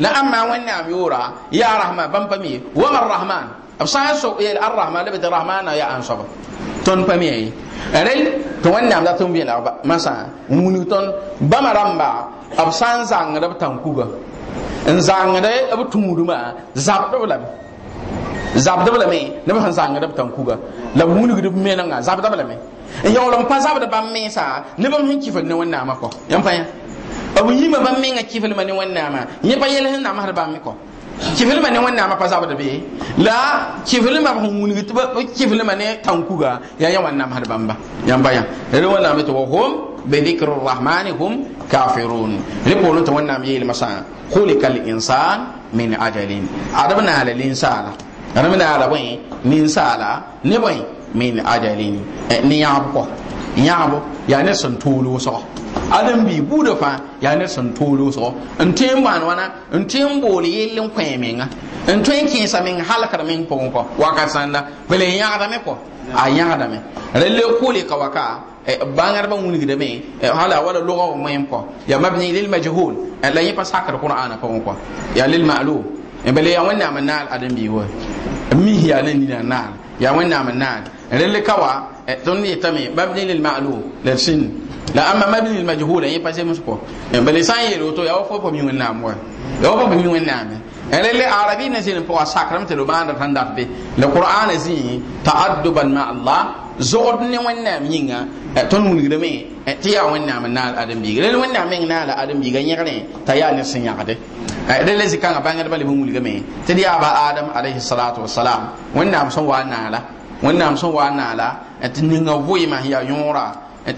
la rahman pa mi arrahman b san n sok yel arrahman lebd rahmaana yaa n soaba tõnd pa me ye rel tɩ wẽnnaam la tõnd vẽelg masã n wilg tõnd bãmba rãmba b sã n zãngd b tãn zab n zãngd b tũudmã zabdb lame zabdb lame neb sẽn zãngd la munu gidu me b wilgd b menengã zabdb lame n yaool n pa zabd bãmb mensã neb m sẽn ne ne wẽnnaamã kɔ yãmpa yã b yĩmã bãmb mengã kiflmã ne wẽnnaamã ne pa yɛl na mahar bãmb me ko kifilma ne wani ama pasaba da bihi la kifilma ba hunguni gitba kifilma ne tankuga ya ya wani ama harbamba ya mbaya ya wani ama tawa hum bi dhikru rahmani hum kafirun ya wani ama wani ama yi ilma saa kuli kal insan min ajalin adabna ala linsala adabna ala bwain linsala ni bwain min ajalin eh, ni yaabu kwa yaabu ya ne santulu sawa adam bi da fa ya ne san tolo so in tin ban wana in tin bol yellin kwemenga in tin kin sa min halakar min ko ko waka sanda bele yaada me ko a yaada me rele ko le ka waka bangar eh, ba wuni da me eh, hala wala lugo mu yem ko ya mabni lil majhul eh, la yifa sakar qur'ana ko ko ya lil ma'lum bele ya wanna man al adam bi wa mi ya ne ni na ya wanna man rel kawa tõnd yetame mabni lil ma'lum la sin la amma mabni lil majhul yi passé mus ko bale san yelo to yaw fo pom yungen nam wa yaw fo pom yungen nam rel arabi na sin po sakram te lubanda tan darbe le qur'an zi ta'adduban ma allah zogd ne wẽnnaam yĩnga tõnd wilgdame tɩ yaa wẽnnaam n naal ãdem-biiga rel wẽnnaam meng adam ãdem-biiga yẽgrẽ t'a yaa ned sẽn yãgde rela zĩ-kãngã bãngdbã leb n wilgame tɩ d adam alaihi salatu wasalam wẽnnaam sẽn wa n naala wẽnnaam sẽn wa n naala tɩ ninga vɩɩmã n yaa yõora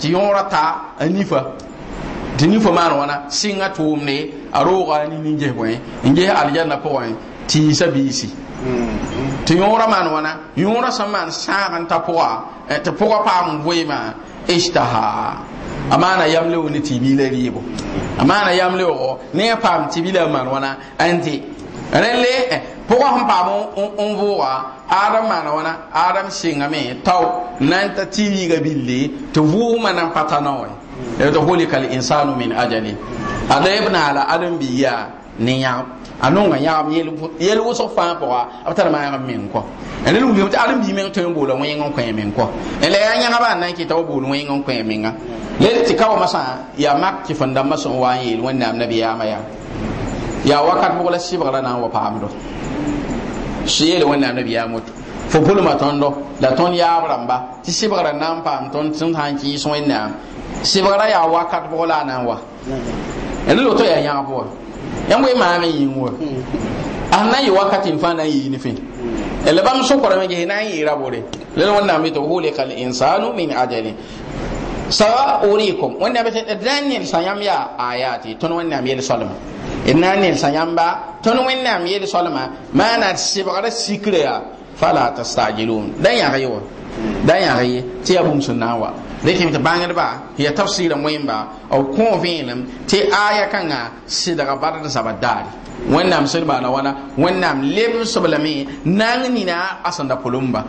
tɩ yõora ta a nifa tɩ nifa maan wãna sɩngã tʋʋmde a rooga mm-hmm. a nin ges bõe n ges aljanna pʋgẽ tɩ yɩsa biisi tɩ yõora maan wãna yõora sẽn maan sãag n ta pʋga tɩ pʋga paam n vɩɩmã ishtaha amana yamle woni tibila ribo amana yamle wo ne pam tibila man wana anti renle eh, poko hon pam on voa adam mana wana adam sɩngame me tau n ta tɩ yiga bille tɩ vʋʋsmã na n pa tana wã tɩ hulika linsanu min ajali ada b na adam biya yaa ne yãgb a nonga yãgb yel wʋsg fãa pʋga b tara maa yãgb meng kɔ rel wilgame adam bi meng tõe n boola wẽng n kõ meng kɔ la yaa yãgbã n na n kɩta wa bool wẽng n kõ menga lel tɩ ka wãmã sã mak tɩ fõn dãmbã sẽn wa n yeel wẽnnaam nabiyaamã yaa yaa wakat bʋg la sɩbgra na n wa shi yele wannan nabi ya mutu fo pulma tondo la ton ya ramba ti sibara nan pam ton tun hanki son ina sibara ya wakat bola nan wa ene lo to ya ya bo ya ngwe ma me yin wo anna yi wakati fa nan yi ni fin ele bam so kora me ge na yi rabore le wannan mi to hule kal insanu min ajali sawa urikum wannan be ta daniel sayam ya ayati ton wannan mi salama Ina na n nensã yãmba tõnd wẽnnaam yel solma maana d sebgra sikre yaa fala tastajilun da yãg ye dan da yãg ye tɩ yaa bũmb sẽn na n wa rẽkɩm tɩ bãngdba tɩ yaa tabsɩɩrã wẽmba aya kãngã sɩdga bard zaba daare wẽnnaam sẽd baana wãna wẽnnaam nina a sẽn da polumba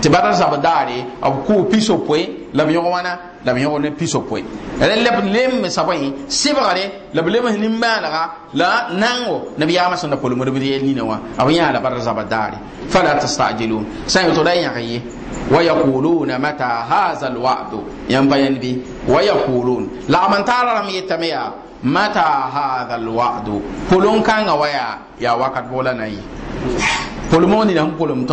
Ti bata zab daare b kʋʋ piso poe la b yõg wãna la b yõg ne piso poe rẽ la b lemsa bõe sɩbgre la b lems nin-bãanega la nango nabiyaamã sẽn da polmd b yel nina wã b yãa la bata zab daare fala tastajilun sã n yetda yãg ye wa yaquluna mata haza alwa'du Yan bayan bi, bɩ wa yaqulun lagm n taara rãmb yetame yaa mata haza alwa'du polon kãngã wa yaa yaa wakat bʋg la na ye polmo nina sẽn polm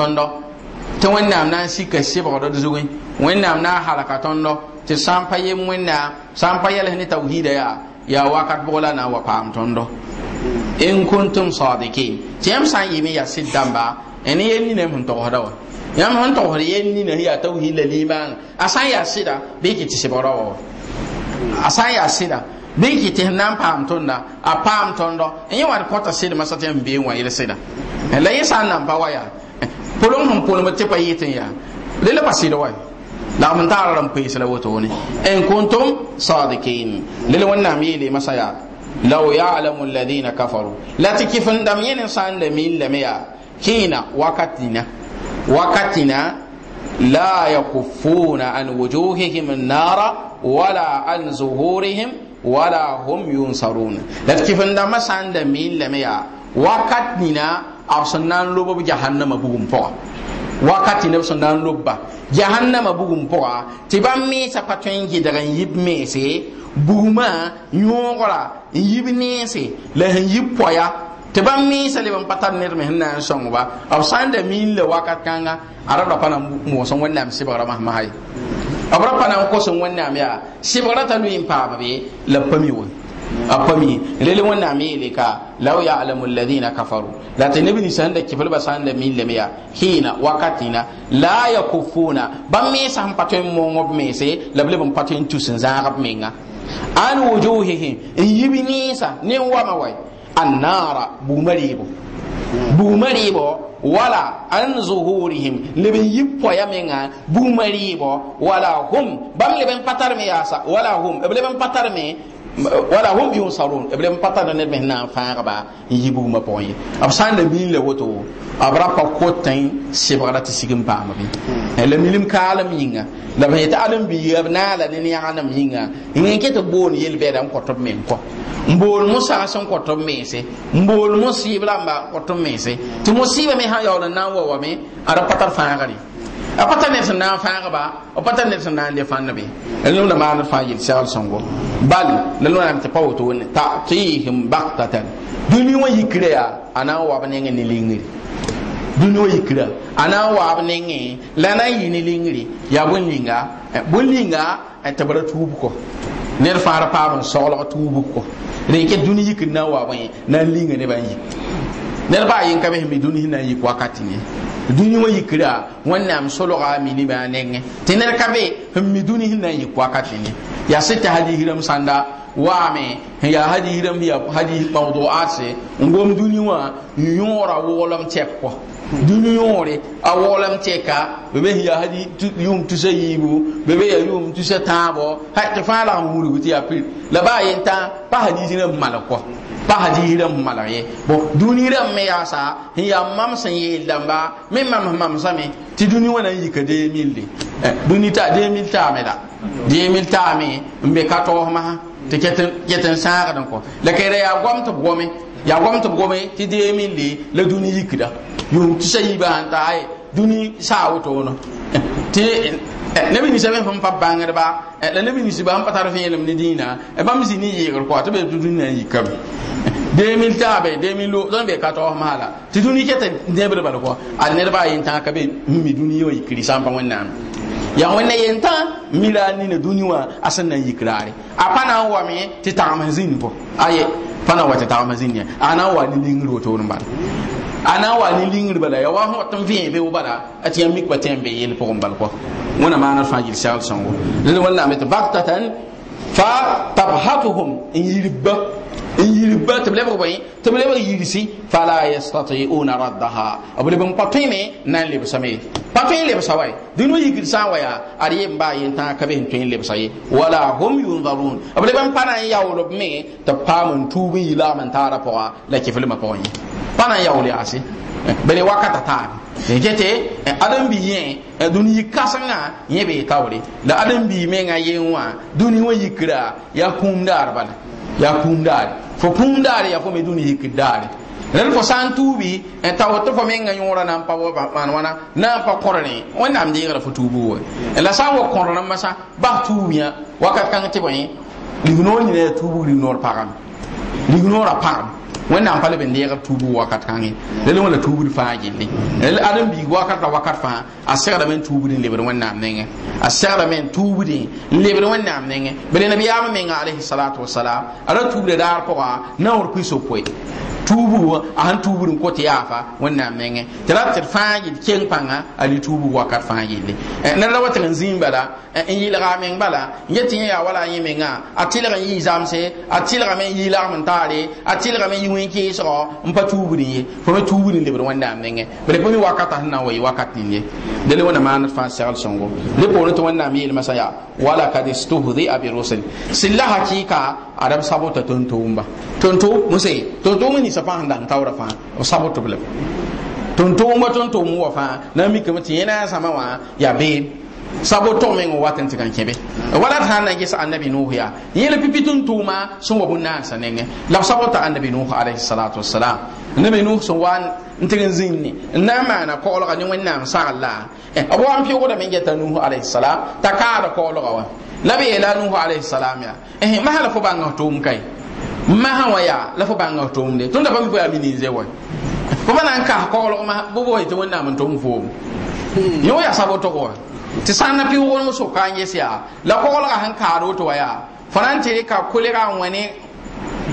tɩ wẽnnaam na n sika sɩbgd d zugẽ wẽnnaam na n halka tõndo tɩ sã n pa yem wẽnnaam sã n pa yɛls ne tawhiidã yaa yaa wakat bʋg la na n wa paam tõndo n kuntum sadikin tɩ yãmb sã n yɩme yaa sɩd dãmba ẽn yel ninam sẽn togsda wa yãmb sẽn togsd yel nina sẽn yaa tawhiid la limaangã a sã n yaa sɩda bɩ y kɩ tɩ sɩbgda wa wa a sã n yaa sɩda bɩ y kɩ tɩ sẽn na n paam tõnda a paam tõndo n yẽ wa d kõta sɩd masã tɩ yãmb n bee n wa yɩl sɩda la yẽ sã n nan pa wa yaa pʋlem sẽn pʋlem tɩ pa yɩɩ tɩ n yaa rela pa sɩd wa lagm n taara rãmb peesla wotone n kuntum sadikin lela wẽnnaam yeeleema sã yaa law yalamu alladina kafaru la tɩ kɩfendam yẽ ne sã n lame n lame yaa kẽena wakatina wakatina لا يكفون عن وجوههم النار ولا عن ظهورهم ولا هم ينصرون لكن فندما سان دمين لميا وقت نينا b sẽn na n lob b jahannamã bugum pʋga wakati neb sẽn na n lobba jahannamã bugum pʋga tɩ bãmb meesa pa tõe n gɩdg n yib meese bugumã yõogra n yib neese la sẽn yib pɔya tɩ bãmb meesa leb n pa tar ned me sẽn na n sõngba b sã n da miin la wakat kãnga a ra ra pa na n moos n wẽnnaam sɩbgra masmasa ye b ra pa na n kos n wẽnnaam yaa sɩbgra t'a lʋɩ n paam be la pa mi wa akwami rel wẽnnaam ka law yalamu alladina kafaru la tɩ neb san da kiflbã sã n da min leme yaa hĩina wakatina la yakufuna bãmb meesa sẽn pa tõe n moong b meese la b leb n pa tõe n tus n zãag b menga an wujuhihim n yib ninsã ne n wama wa annaara buuma reebo buuma reebo wala an zuhurihim leb yi poya pɔya meŋa buuma reebo wala hum ban leb n pa tar me yaasa wala hum b leb n pa tar wala hum bi yusarun ibre mpata na ne mehna faara ba yibu ma poye da le woto abra pa ti pa ma bi hmm. e le milim ka yinga la ba ta alam bi yabna la ne ya yinga ke to bon yel be men ko mbol musa san se mbol se me ha na wa me ara patar a pata neb sẽn na n fãagba a pata neb sẽn na n le fãndme la nunda maan d fãa yel segl sõngo bal la lunam tɩ pa woto tatɩɩsm baktatan dũni wã yikra yaa a na eh, eh, n wab nengẽ ne lingri dũni wã yikra a na n wab nengẽ la lana yi yɩ ne lingri yaa bõn-linga bun linga tɩ b ra tuub kɔ ned fãa ra paam n soglg tuub kɔ rẽ ket dũni yikr na n wa bõe na n linga nebã nerba ayin ka bihim duniya na yi wakati ne duni wa yikira wannan solo ga mini ba nenge tinar ka be him biduni yi wakati ne ya sita hadi hiram sanda wa me ya hadi hiram ya hadi mawdu'at se ngom duni wa yora wolam chepko duni yore a wolam cheka be ya hadi yum tusayibu be ya yum tusatabo hatta fala huru ti apil la ba yin ta pa hadi jina malako pa hadisi mu mala ye bo dũni me ya sa ya mam sẽn yeel dãmba me mam ti duni wana yi ka de mil de eh, duni ta ta me da mil ta me be ka taoos masã tɩ ket n sãagd n kõ la kɛra yaa goam tɩ b gome yaa goam tɩ b gome tɩ deemilde la dũni yikda yʋʋm tɩ sayiibã sãn taa ye dũni saa no ti Eh, nabi eh, eh, ni sabe fam pap bangere ba la nabi ni siba am patar fe yelam ni dina e bam ni yegor ko to be dudunya yikam 2000 tabe 2000 lo don be ka to oh mala ti duni kete nebre bal ko al ne ba yin ta ka be mi duni yo yikri pa wonna ya wonna yin mi mila ni ne duniwa asan nan yikrare apana wa mi ti tamazin ko aye pana wa ti tamazin ya ana wa ni ngiro to ba ana wa ni lingri bala ya wa ho tan fi be bala ati yammi ko tembe yel ko mbal ko wona mana fa jil sal sango lele wala met baqtatan fa tabhatuhum in yirba yiri ba tɩ b lebg bõe tɩ b lebg yirsi fala yastatiuna raddaha b leb n pa tõe me na n lebsame ye pa tõe n lebsa wa dũni b yikd sã n wa yaa ad yem baa yentãag ka bes n tõe n lebsa ye wala hum yunzarun b leb n pa na n yaoolb me tɩ b paam n tuub n yɩ lagm n taara pʋga la kɩflmã pʋgẽ ye pa na n yaool yaase bene wakata taame kete adambi yẽ dũni yik kãsengã yẽ bee taoore la adambi mengã yen wã dũni wã yikra yaa kũum daar bala ya pum daare fo pum daare ya fo me dũni hik daare rẽd fo sã tuubi n ta woto fo menga yõorã na nan pa maan wãna na n pa kõrne wẽnnaam fo tuubu wa e la sã n wa kõr rãmbã bas tuubiyã wakat kãng tɩ bõe lignoor yĩna yaa tuubug lignoor pagame lignoorã pagame wẽnnaam pa la bɩ neegb tuubu wakat kãngẽ rel wã la tuubd fãa gilli rel adam biig wakat ra wakat fãa a segdame n tuubd n lebd wẽnnaam nengẽ a segdame n tuubd n lebd wẽnnaam nengẽ bɩ nabiyaamã menga alayhi salatu wasalam a ra tuubda daar pʋga naor piso poe tubu a han tuburin ko ya fa wannan menge tara ta fangi ken panga ali tubu wa kar fangi eh, le na rawa tan zin bala in eh, yi laga men bala yeti ya wala yi menga atila ga yi zamse atila men yi la mun tare atila men yi winki so in pa tuburin ye fa me tuburin le wannan menge bele ko mi wakata na wai wakati ne dele wannan ma na fan sal songo le ko to wannan mi masaya wala kad istuhdi abi rusul silla hakika arab sabota tontumba tonto musai tonto muni ninsã fãa sẽn taura fa o b to tɩ b leb tʋm-tʋʋmba tʋm-tʋʋm na mi mikame tɩ yana sama wa ya be sabo to meng n wat tikan kebe wala ta na n na ges annabi nuh ya yele pipi tʋm ma so wa bunna naansã nengẽ la sabo t'a annabi nuh salatu wassalam annabi nuh so wa n tɩg n zĩnni n na n maana sa alla wẽnnaam abu b wa da pɩʋgdame geta nuh alaihisalam t'a kaada kaoolga wa nabi b yeela nuh alaihisalam ya? masã la fo bãnga tʋʋm ka kai. maha hmm. wa ya la fo banga tomde tunda pa mi fo amini ze wa ko bana ka ko lo ma bo bo ite wonna mun mfo fo yo ya sabo to ko ti sana pi wo no so kan yesi la ko lo han ka ro to ya farante ka kulira wani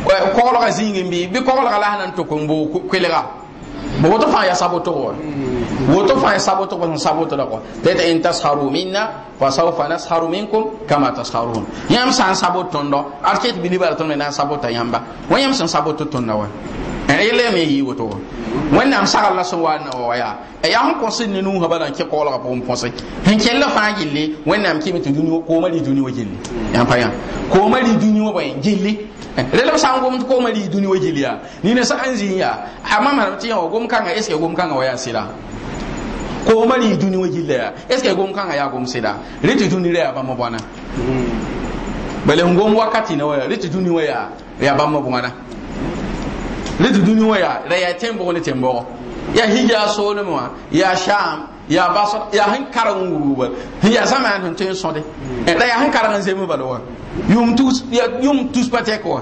ko lo ga zingin bi bi ko lo ga la han to ko mbo kulira ma woto fãa ya saboto wa woto fãa ya saboto wa sẽn saboto la kɔ tɩ tɩ in tasharu minna fa saufa nasharu minkum kama tasharun yãmb sã n sabot tõndɔ ad ket bi libara tõnd me na n sabota yãmba wa yãmb sẽn saboto tõnda wa rɩla me yɩɩ woto wẽnnaam sagl la sẽn wa na wa yaa a yaa sẽn kõs ne nuusã bala n kẽ kaoolgã pʋgẽ põsẽ sẽn kẽlla fãa gilli wẽnnaam kɩme tɩ kooma rɩ dũni wã gilli yãm pa yã kooma rɩ dũni wã bõe gilli rel b sã n gomd kooma rɩ dũni wã gilli yaa nina sã n zĩn yaa a mam manam tɩ yã wa gom-kãngã est ce que gom-kãngã wa yaa sɩda kooma rɩ dũni wã gilla yaa est ce que gom-kãngã yaa gom sɩda rɩ tɩ dũni ra yaa bãmb bõna bala n gom wakatɩ na waya yaa rɩ tɩ dũni wã yaa yaa bãmb bõna le ti dũni wã yaa ra yaa tẽmbg ne tẽmbgɔ yaa Ya soolem wã yaa shaam yaa ya yaa sẽn karg n wugu bal sẽn yaa zamaan sẽn tõe n sõde ra yaa sẽn karg n zems bal wã yʋʋm tus pa tɛk wã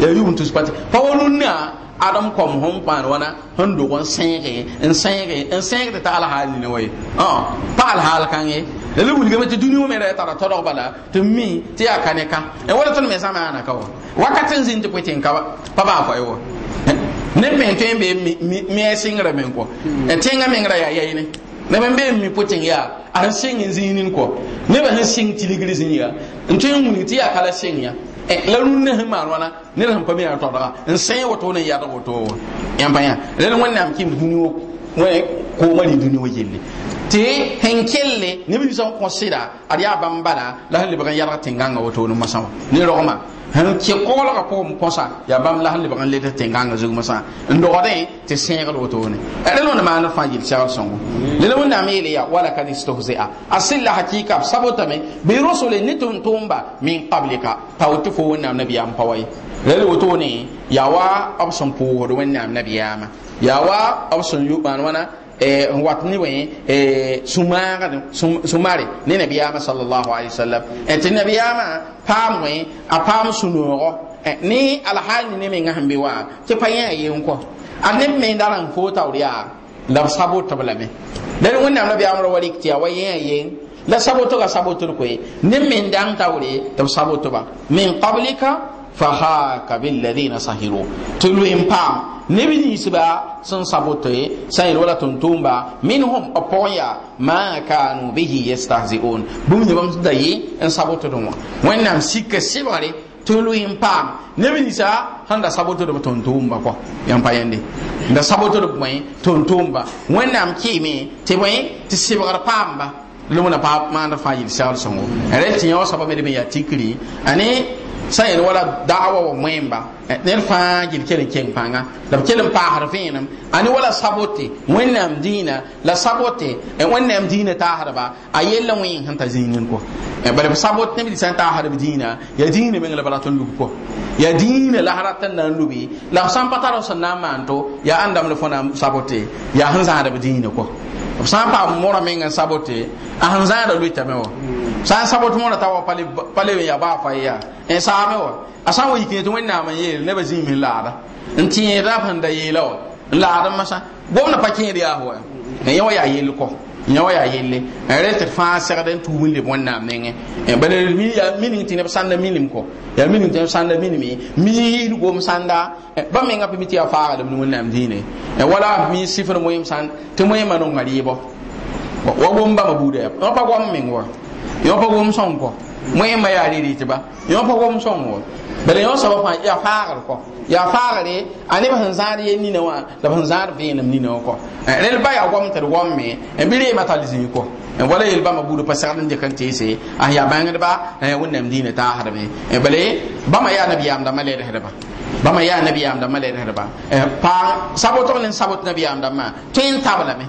yaa yʋʋm tus pa tɛk pa wa adam kom hon pan wana hon do gon sẽnge n sẽnge n sẽng tɩ tag alhaal nina wa ye pa alhaal la la wilga mata duniya me ra tara tara bala to mi ti aka ne ka e wala to me sama ana ka wa wakatin zin ti kwitin ka pa ba ko yo ne me to be mi mi singra men ko e eh, tinga men ra ya yayi ne ne ban be mi putin ya an singin n ko ne ban sing ti ligri zin ya nto yin e wuni ti aka la sing ya eh, la rũn ne sẽn maan wãna ned sẽn pa me yaa todga n sẽ woto ne yadg woto yãmpa yã rel wẽnnaam kɩm dũni wẽn koomã rɩ dũni wã yelle ti henkelle ni ne bi zan consider ari aban bana la hal liban yar tinganga wato no masaw ne roma han ke ko la ka pom konsa ya bam la hal liban le tinganga zugo masa ndo gade ti sengal wato ne ere no ma na fajil sha songo mm. le le wona me ile ya wala kad istuhzi'a la hakika sabota me bi ni tun tumba min qablika tawtu fo wona nabi am pawai le le wato ne ya wa puwo do wona nabi ma ya wa absun yuban wana n eh, wat eh, eh, ne wẽ sũmaare ne nabiyaamã sallallahu alaihi wasallam tɩ paam wẽ a paam sũ ne ne sẽn be tɩ pa yẽ a yen kɔ neb me da rãng foo taoor yaa la b sabot lame wẽnnaam nabiyaam ra wa rɩk tɩ yaa wa yẽ a yen la sabotr koe neb me n dãng taoore tɩ b min qablika فخاك بالذين سهروا تلو إمبام نبي نسبة سن سبوتي سن ولا تنتومبا منهم أبويا ما كانوا به يستهزئون بوم نبام سدعي إن سبوتهم وين نام سيك سبعة tulu yin pam nebi nisa handa saboto do tontumba ko yan payende da saboto do moy tontumba wennam kimi te moy ti sibar pamba lumuna pa manda fayil sal songo reti yo sabame de tikiri tikri ani sayin wala daawa wa wẽmba eh, nel fa gil kell ken panga da la pa kell ani wala sabote wẽnnaam amdina la sabote eh, wẽnnaam dĩinã taasdba a yella wẽng sẽn hanta zinin ko e eh, bare sabote ne bi san ta harba dina ya dina meng la b rat ko ya dina la haratan nan na n la b sã n pa ya andam le fona sabote ya sẽn harba dina ko b sã n paam mora meng sabote an sẽn da loɩtame wa san sabote sabot mora t'a wa pa ya ba e fa ya n saame mewa a sã n wa yik ne tɩ wẽnnaam ba yeel nebã zĩig me n laada n tẽeda b sẽn da wa laadam masã gomda pa kẽed yaa fo n yã wa yaa yell kɔ n wa yaa yelle n d fãa segd n tuub n le bõnnaam nengẽ bala yaa mining tɩ neb sãnda minim kɔ yaa mining tɩ neb sãnda minime miisd gom sãnda bã menga pa mi tɩ yaa faagadem ne wẽnnaam diine wala mi sifr moem sãn tɩ moema nonga rɩɩbɔ wa gom bãmba buuda yaa pa gom meng wa yõ pa gom sõng kɔ Mu ima ya riri tiba yo pa wom songo bele yo sabo pa ya faagar ko ya faagare ani ba hanzar ye ni na wa da hanzar be ni na ko rel ba ya wom tar wom me e bire ma tal ko e wala yel ba mabudu pa sagan de kan tese ah ya bangar ba na ya wonnam dina ta harbe e bele ba ma ya nabi am da male da ba ba ma ya nabi am da male da ba pa sabo ne sabo nabi am da ma tin tabla me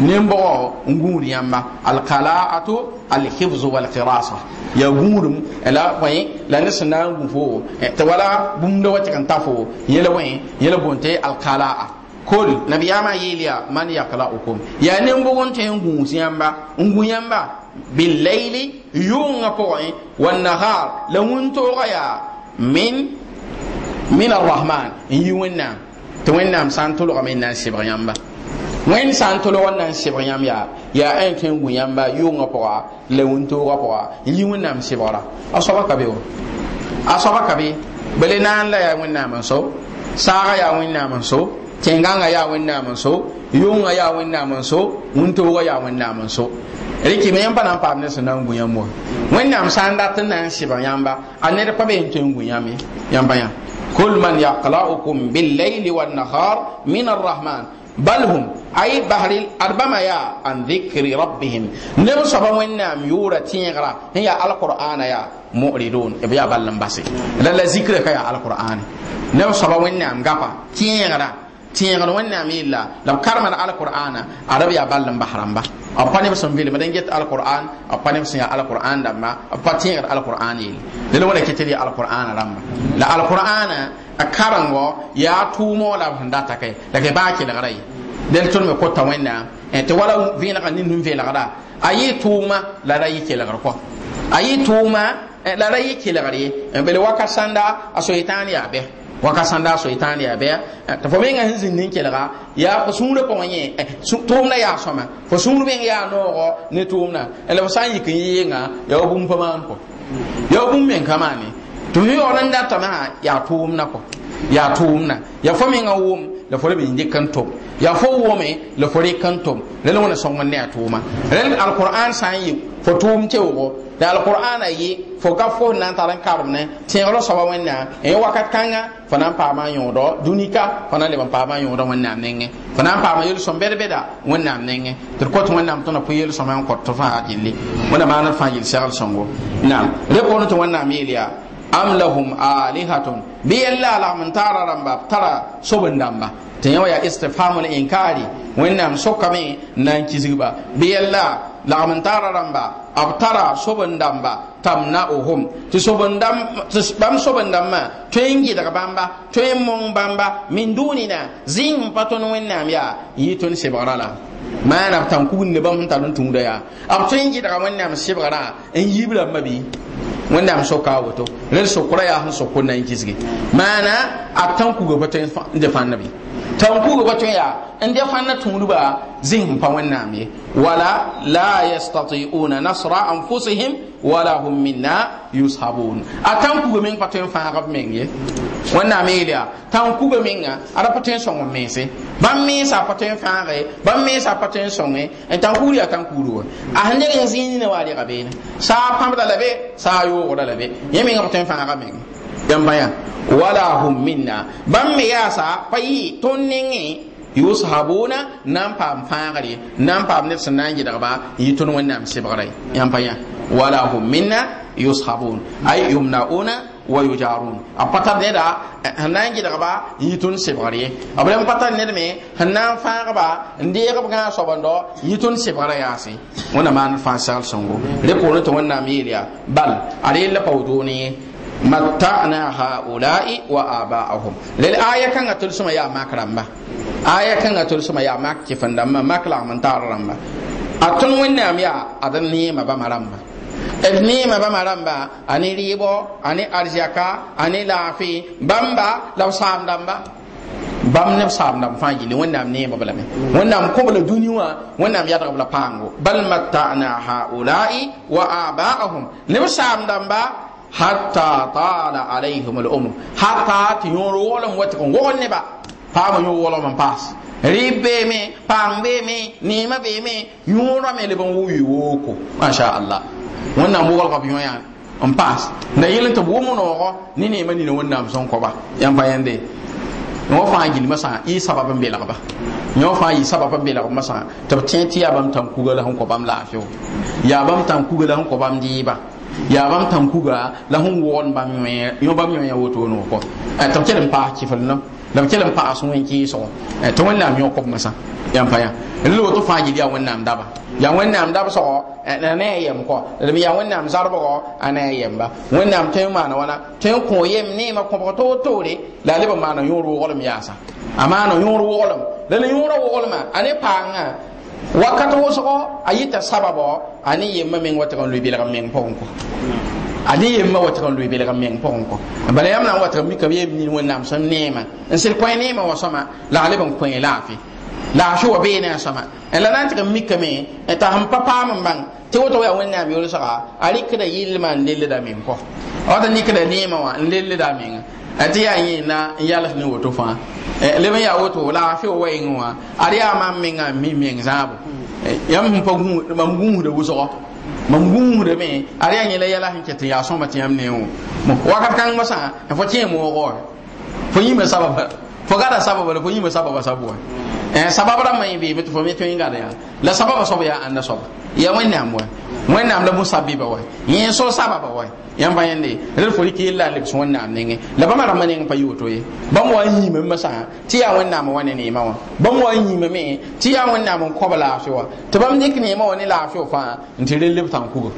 نمبر نقول يما القلاعة الحفظ والقراصة يقول لا وين لا نسنا نقول نعم إيه، تولا بمدوة كنتفو يلا وين يلا بنتي القلاعة كل نبي أما يليا من يقرأكم يا نمبر نتي نقول يما نقول يما بالليل يوم قوي والنهار لو انتو غيا من من الرحمن يوم نام توين نام سانتو wẽnd sã n tol wẽnnaam sɩbg yãmb yaa yaa ãn kẽ n gũ yãmba yʋʋngã pʋga la wʋntoogã pʋga n yi wẽnnaam sɩbgra a soaba ka be wa a soaba ka be bele naan la yaa wẽnnaam n so saaga yaa wẽnnaam n so tẽngãngã yaa wẽnnaam n so yʋʋngã yaa wẽnnaam n so wʋntoogã yaa wẽnnaam n so rɩkɩme yãmb pa na n paam ne sẽn na n gũ yãmb wa wẽnnaam sã n dat n na n sɩbg yãmba a ned pa be n tõe n gũ yãmb yãmba yã kul man yaqla'ukum bil-layli wan-nahar min ar-rahman bal hum Ayi bahri arbama ya an dhikri rabbihim ne ba saba wannam yura tingra ya alqur'ana ya mu'ridun ibi ya ballan basi la la zikra ka ya alqur'ana ne ba saba wannam gapa tingra tẽegd wẽnnaam yella la b karema d alqur'ana ada b yaa ball n bas rãmba b pa neb sẽn vilmd n get alqur'an b pa neb sẽn yaa alqur'an dãmba b pa tẽegd alqur'an yelle lel wala ketɩ d yaa alqur'ana rãmba la alqur'ana a karengo yaa tʋʋmo la b sẽn datake la ke baa kelgra ye del tõnd me kota wẽnnaam te wala vẽenegã ne nin la gara ayi tuma la ra yɩ kelgr kɔ a yɩ tʋʋma e, la ra yɩ kelgr ye bele waka sãnda a soɩtãan be bɩ waka sanda a soɩtãan be ta fo menga sẽn zĩnd nin kelga yaa ya ko pʋgẽ yẽ nye yaa sõma fo sũur meng yaa noogɔ ne tʋʋmdã la fo sã n yik n yɩ yɩnga ya wa bũmb pa maan kɔ ya wa bũmb meng ka maane tɩ fõ yaoor n datame yaa tʋʋmdã ko ya tʋʋmna ya fami nga wum la fo la me dɩk ya fo wome la fo rɩk lele wona rel wẽna sõng n ne a tʋʋma rel alkʋr'an sã n yɩ fo tʋʋm keoogo la alkʋr'ana yɩ fo gab fo n na n ne, n karemne tẽegr soaba wẽnnaam e wakat kanga fo na n paama n yõodo fo na le leb n paama n nenge fo na n paama yel-sõm bɛd-bɛda wẽnnaam nengẽ tɩ d kot wẽnnaam tõna pʋ yel-sõma n kõt tɩ fãa gilli wẽna maan d fãa yel-segl sõngo nam rẽ pʋgẽ tɩ wẽnnaam yeel am lahum alihatun bi yalla la mun tara ba tara sobin ba tin yawa ya istifhamul inkari wannan me nan kizigba bi yalla la mun tara ab tara sobin ba tamna uhum ti sobin dan ti bam sobin dan ma tengi daga bamba tun mun bamba min dunina zin patun wannan ya yitun sibarala mana na tan kugun ne bam tan da ya ab tengi daga wannan sibara en yibla mabi wẽnnaam soka woto rẽd sokra ya sẽn sok na yin kisgi maana a tanku tãn kuga inda tõe n de fãnna bɩ tãn kuga pa tõe yaa n de fãnna tũudbã zĩsm pa wẽnnaam ye wala la yastati'una nasra anfusihim wala hum minna yushabun a tanku kuga min fa tõe n fãagb meng wẽnnaam yeelya tãn kuga menga ada pa tõe n sõng n mense bãmb mensa a pa tõe n fãage bãmb mensa a pa tõe n sõnge n tãn kuur yaa tãn kuuru wa a ah, sẽn neg zĩig nina waa rega beene saa pãbda la be saa yoogda la be yẽ menga pa tõe n fãaga menga yãmba yã wala hum minna ban me yaasa pa yɩ tõnd nengẽ yushabuna nan paam fãagre nan paam ned sẽn na n yɩdgba yɩ tõnd wẽnnaam sɩbgra yãmpa yã wala hum minna yushabun ay yumnauna wa yujarun a patar ne da hanna ngi da ba yitun sibare abran patar ne me hanna fa ba ndiye ga ga sobando yitun sibare yasi wana man fa sal songo le ko to wanna miliya bal ari la pawduni matta'na haula'i wa aba'ahum lil aya kan atul suma ya makramba aya kan atul suma ya makki fandamma makla man taramba atun wanna ya adan ni ma ba maramba d neemã bãmba rãmba a ne rɩɩbɔ a ne arzɛka a ne laafɩ bãmba la b saam dãmba bãmb ne b saam dãmb fãa yɩle wẽnnaam neemã b lame wẽnnaam kõbla dũni wã wẽnnaam yadg b la paango bal matta'na haulai wa aba'ahum ne b saam dãmba hatta taala alayhim al umr hatta tɩ yõor wʋglem wa tɩ n ne ba. paama yõ wolg n paas rɩɩb beeme paam beeme neema beeme yõorã me leb n wʋg yɩ wooko masaallah wẽnnaam woglga b yõ yaa n paas da yɩl n tɩ b wʋm noogɔ ne neema nina wẽnnaam sõn kɔba yãmb pa yẽnde yõ fãa gilmã sã y sabab n belgba yõ fãa yɩ sabab n belgbã sã tɩ b tẽ tɩ yaa bãmb tãn kuga la sẽn kɔ bãmb laafɩ yaa bãmb tãn kuga la sẽn kɔ bãmb dɩɩba yaa bãmb tãn kuga la sẽn wɔgd bãmb yõ bãmb yõ yã wotoon wʋkɔ tɩ b kell n paas kɩfl nam la kelm paas wẽn kɩɩsgɔ tɩ wẽnnaam yõk b masã yãm pa yã n loog nam daba, gil yaa nam daba yaa wẽnnaam dabsgɔ la eh, a yem kɔ d yaa wẽnnaam zarbgɔ a ne a yemba wẽnnaam tõe n maana wãna tõe n ko yem neemã kõbg toor-toore la a leb n maana ma woglem yaasa a maana yõor woglem la la yõorã woglmã ne paangã wakat wʋsgɔ a yɩta sababɔ a ne yembã meng wa min wata loe belg n meng pʋgẽ ali yemma watra lui belga meng pon ko bala yamna watra mi ka yem ni won nam san nema en sel ko nema wa sama la ale ban ko lafi la shu wa bena sama en la nan tika mi ka me en ta ham papa man ban te woto ya won nam yoro saka ali kada yilma lele da men ko oda ni kada nema wa lele da men ati ya yin na yala ni woto fa e, le me ya woto la fi wa yin wa ari ya man men ga mi men zabu e, yam pon ma ngu da wuso mam gũusda me ari yaa yẽla yala sẽn ket n yaa am ne yãmb mo wõ wakat kan masa e fo kẽem woogoor fo yĩmã sababa fo gada sababa la fo yĩmã sababa sab e eh, sababa rãmbã mai bi tɩ fo mi tõe n gada yaa la sababa soab yaa sababa ya yaa wẽnnaam wa wẽnnaam la musabiba wa yẽ so sababa wa yãmb fã yẽnde rel fo rɩk yella n lebs wẽnnaam nengẽ la bãmb rãmbã neng pa yooto ye bãmb wa n yĩime masã tɩ yaa wẽnnaam wa ne neemã wã bãmb wa n yĩimame tɩ yaa wẽnnaam n kõb laafɩ wa tɩ bãmb dɩk neemã wã ne laafɩ wã fãa n tɩ rel leb tãn kuga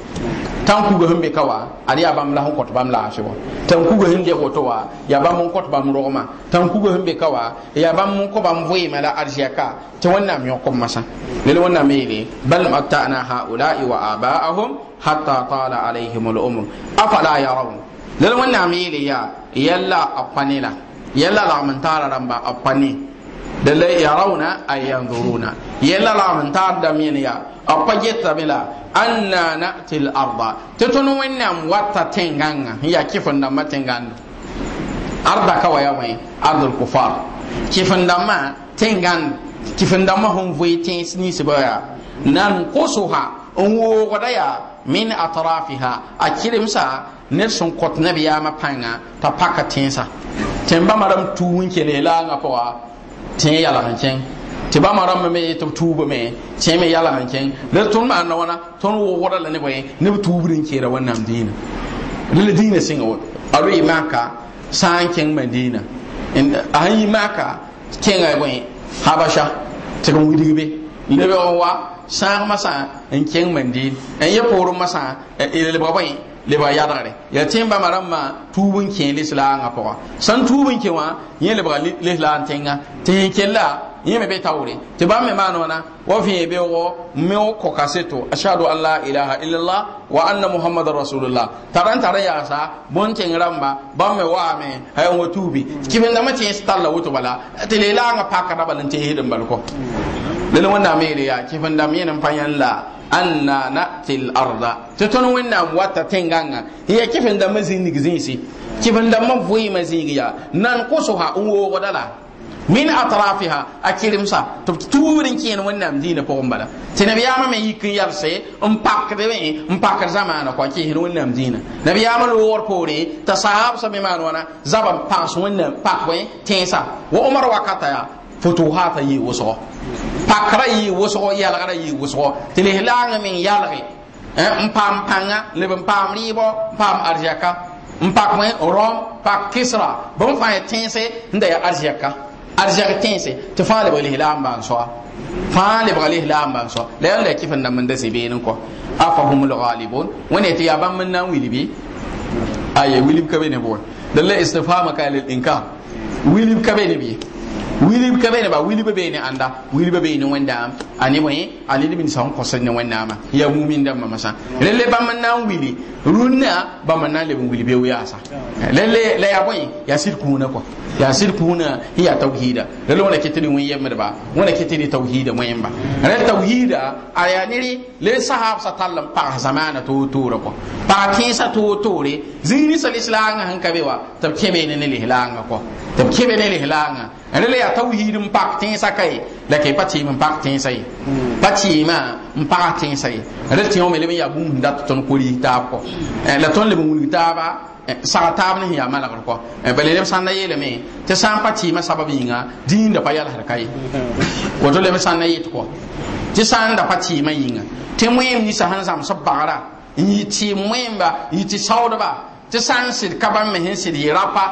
tãn kuga sẽn be ka wa ad yaa bãmb la sẽn kõt bãmb laafɩ wa tãn kuga sẽn leg woto wa yaa bãmb n kõt bãmb rogmã tãn kuga sẽn be ka wa yaa bãmb n kõ bãmb vɩɩmã la arzɩaka tɩ wẽnnaam yõkb masã rel wẽnnaam yeele bal mata'na haulai wa aba'ahum hatta tala alayhim al afala yarawun lal wannan amiri ya yalla apanila yalla la mun tara ramba apani dalla yarawna ay yanzuruna yalla la mun tara da min ya apage tabila anna na'ti til arda tutun wannan wata tenganga ya kifin da matenganga arda kawai mai ardul kufar kifin da ma tengan kifin da ma hun vuitin ni sibaya nan kosuha un wo ya min atrafiha a kirimsa ne sun kot ne biya ma panga ta paka tinsa temba maram tuwin kele la nga pawa tin yala hanken ti ba maram me to tubu me tin me yala hanken le tun ma na wana tun wo wora la ne boye ne ke kera wannan dina lil dina singa wo aru imaka sanken madina in ayi maka kenga boye habasha tikum Ne be wa sãag masã n kẽng mandiin n yɩ pʋʋrẽ masã lebg bõe lebg yadgre yaa tẽen bãmba rãmbã tuub n kẽ lislaangã pʋga sãn tuub n kẽ wã yẽ lebga lislaang tẽngã tɩ sẽn kella yẽ me be taoore tɩ bãmb me maan wãna wa vẽe beoogo me koka seto ashadu an la ilaha illallah wa anna muhammada rasulullah tara n tara yaasa bõn tẽng rãmba bãmb me waame n wa tuubi kɩbendame tẽes talla woto bala tɩ leelaangã pakã ra bal n teesd n bal kɔ lele wanda yeele yaa kẽ fanda dam nan fanyan yãn la anna na til arda to ton wanda wata tẽngãngã yaa kẽ fẽn dãmbã zĩig zĩisi kẽ fẽn ma vɩɩmã zĩig yaa nan kʋsga uwo woogda la min atrafiha a kɩremsa tɩ b tuubd wanda kẽen wẽnnaam dĩinã pʋgẽ bala tɩ nabiyaamã me yik n yalse n pakdme n pakd zamaana kɔ kẽesd wẽnnaam dĩinã nabiyaamã loogr poore t'a sahabsã me maan wãna zaba n pãgs wẽnnaam pakbẽ tensa wa umar wakata yaa fotuhata yi wʋsgɔ pakra yi wʋsgo yalgra yi wʋsgo tɩ lislaangẽ meŋ yalge eh, n paam pãnga leb n paam rɩɩbɔ n paam arzɛka n pak me rom pak kisra bõn fãa ye tẽese n da ya arzɛka arzɛk tẽese tɩ fãa lebg lislaam bãan soa fãa lebga lislaam bãan soa la yãl la ya kɩfen dãmb n da sebeen n kɔ a fa hum lgalibun wẽne tɩ yaa bãmb n na n wilbi aye wilib ka be ne bʋgẽ dala istifama ka lil inkar wilib ka be ne bɩ wili ka bene ba wili be ne anda wili be ne wanda ani mo ani ni bin sa ko sen ne wanda ma ya mumin da ma masa lele ba man nan wili runna ba man nan le wili be wuya sa lele la ya boy ya sir kuna ko ya sir kuna hiya tauhida lele wala ke tini wani yemma ba wala ke tini tauhida mo yemma ran tauhida aya niri le sahab sa tallam pa zamana to to ko pa kin sa to to re zini sal islam han kabewa kebe ne ne lihlanga ko kebe ne lihlanga rela ya tawhid n pak tẽesa ka ye la pa tɩɩm n pak ye pa tɩɩmã n ye tɩ yõ me leb n yaa tɩ tõnd taab kɔ la tõnd leb n wilg taaba sag taab ne sẽn yaa malgr kɔ bala leb tɩ sã n pa tɩɩmã sabab yĩnga dĩinda pa yalsd ka ye woto leb yet kɔ tɩ sã n da pa tɩɩmã yĩnga tɩ wẽem ninsã sẽn zãms b bagra n yɩ tɩɩm wẽemba n yɩ tɩ saoodba tɩ sã n me sẽn sɩd yɩ rapa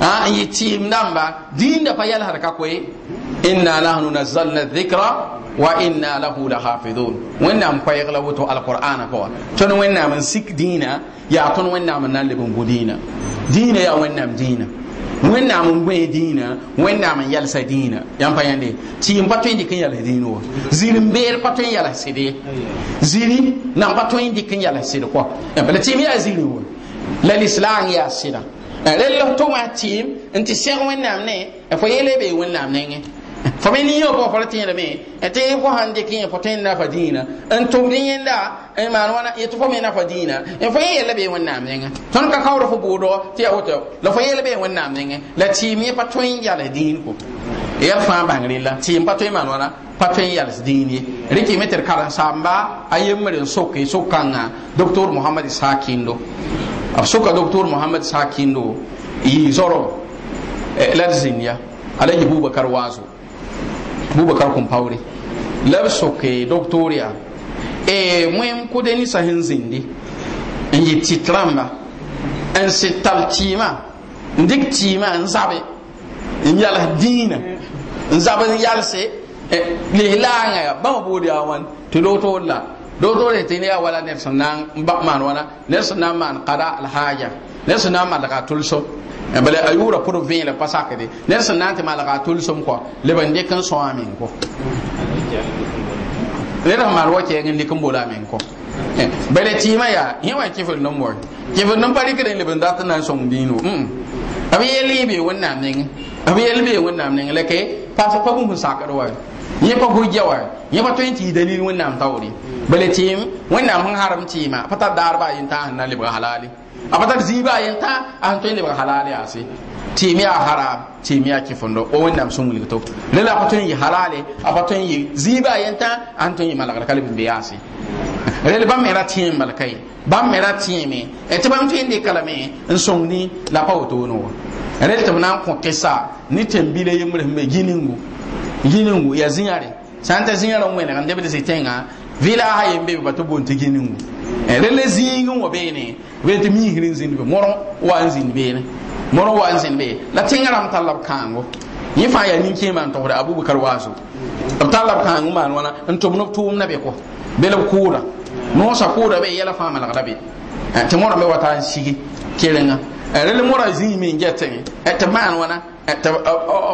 ah yi tim namba dinda pa yal harka koy inna nahnu nazzalna dhikra wa inna lahu lahafizun wannan pa yagla wuto alqur'ana ko Tun wannan man sik dina ya tun wannan man nan libun budina dina ya wannan dina wannan mun gwe dina wannan mun yalsa dina yan pa yande tim pa ton dikin yal dino zirin ber pa ton yal sidi ziri nan pa ton dikin yal sidi ko en bala tim ya ziri wo la islam ya sida lo to wa tim nti seg wẽnnaam ne fo yele be wẽnnaam nengẽ fo me ni yõ pa fo ra tẽedame tɩ fo sãn dɩk yẽ fo tõe nafa dĩinã n e ma n maan e to fo me nafa e fo yẽ yella bee wẽnnaam nengẽ ton ka kaoodã fo buudɔ ti a woto lo fo yell bee wẽnnaam nengẽ la ti mi pa in ya le din ko e fa ba ngri la ti pa tõe ma maan wãna pa tõe n yals dĩin ye rɩkɩme tɩ d karen sãmba a yembr so soke sok-kãngã doctor mohamad Sakindo. b sʋka doktor mohamad sakindo yi zoro eh, la ya ala bubakar wazo bubakar kũmpaoore eh, eh, la b sʋk doctor yaa wẽm kʋde ninsã sẽn zĩndi yi yɩ tɩt rãmba n sɩd tab tɩɩmã n dɩk tɩɩmã zabe n yals dĩinã n zabe n yalse lislaangã ya bãmb bood yaa wãn tɩ la dootore tɩ ne wala ne sẽn na n bak maan wãna ned sẽn na n maan kada alhaaja ned sẽn na n malga tʋlsm bala a yʋʋra pʋd vẽelg pa sakde ned sẽn na n tɩ malga tʋlsm kɔ leb n dɩk n sõa meng kɔ ned sẽn maan wa kɛɛng n dɩk bola amin ko bale ti ma ya hin wa kɩfr nim wa kɩfr nim pa rɩkd n leb n dat n na n sõng dĩin wo b yell y bee wẽnnaam nengẽ b yell bee wẽnnaam nengẽ pa ke pa bũmb sn sakd wa yẽ pa hujja wa yẽ pa tõe n tɩɩs dalil wẽnnaam taoore bala tɩɩm wẽnnaam sẽn harem tɩɩma pa tar daarba a yentã sẽn e na lebga halaale a pa tar zĩiba a yentã a sẽn tõe n lebga halaal yaase tɩɩm yaa haram tɩɩm yaa kɩfendɔ wa wẽnnaam sẽn wilg to rela a pa tõe n yɩ halaale a pa tõe n yɩ zĩiba a yentã a sẽn tõe n yɩ malgra ka lebn be yaase rel bãmb me ra tẽem malka ye bãmb me ra tẽeme tɩ bãmb tõe n dekalame n sõng ne la pa wotoone wa rel tɩ b na n kõ kɩsa ne tẽm-bila yembr sẽn be gĩ giningu ya zinyare sã n ta zĩyã rã n wẽnegem lebd sɩ tẽngã vɩla a yen be ba tɩ boon tɩ giningu rela zĩig n wa beene be tɩ miisr n zĩnd be mõrõ wa n zĩnd beene mõrõ wa n zĩnd bee la tẽngã rãmb eh, tall b kãango yẽ fãa yaa nin-kẽe maan togda abubakar waaso b tall b kãang maan wãna n tʋmd b na be kɔ bel b kʋʋda noosã kʋʋda be yɛla fãa malgda be tɩ mõrã me wa taa n sige kelengã rel eh, mõrã zĩig me n get eh, tɩ maan wãna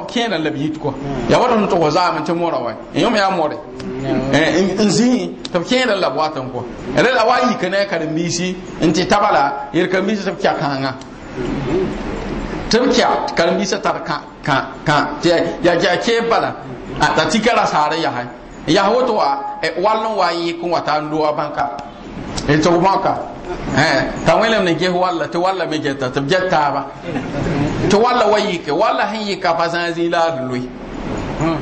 kẽena la b yit ya wata n tɩ fo zaam n mora wa n yõm yaa more n zi tɩ b kẽena la b wat n kɔ rela wa ka ne a karen-biisi n tɩ taba la yel-karen-biisã tɩ b kya kãngã tɩ si kya karen-biisã tar kã ya ya kẽeb bala ah, t'a tika rasaar n yaa yaa woto wa eh, wall wa yɩk n wa taa n doa banka eh, tɩ b bãnka eh, t'a wẽlem ne ke walla te walla me gɛta tɩ b ba. to wala ke wala hin yi ka fasan zi la dului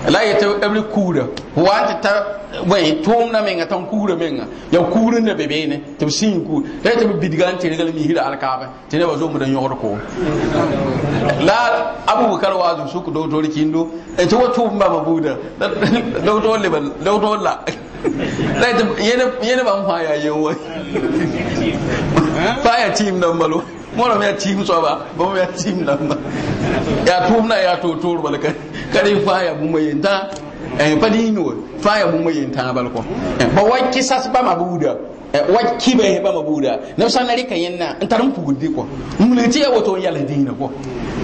la ya ta abri kura wa ta wai tom na menga tan kura menga ya kura na bebe ne ta sin ku la ta bidigan te regal mi hira alkaba te ne bazo mu dan yoro ko la abubakar wazu su ku dodo rikindo e to wato ba babuda dodo le ban dodo la la ta yene yene mu fa ya yewo fa ya team nan balo mora me tim so ba ba me tim lamba ya tumna ya to to bal ka kare fa ya bu mai ta en eh, padi no fa ya bu mai ta ba ko eh, ba wakki sas ba mabuda eh, wakki be ba mabuda na san ri kan yanna in tarin pugundi ko mun ti ya wato yalla dina ko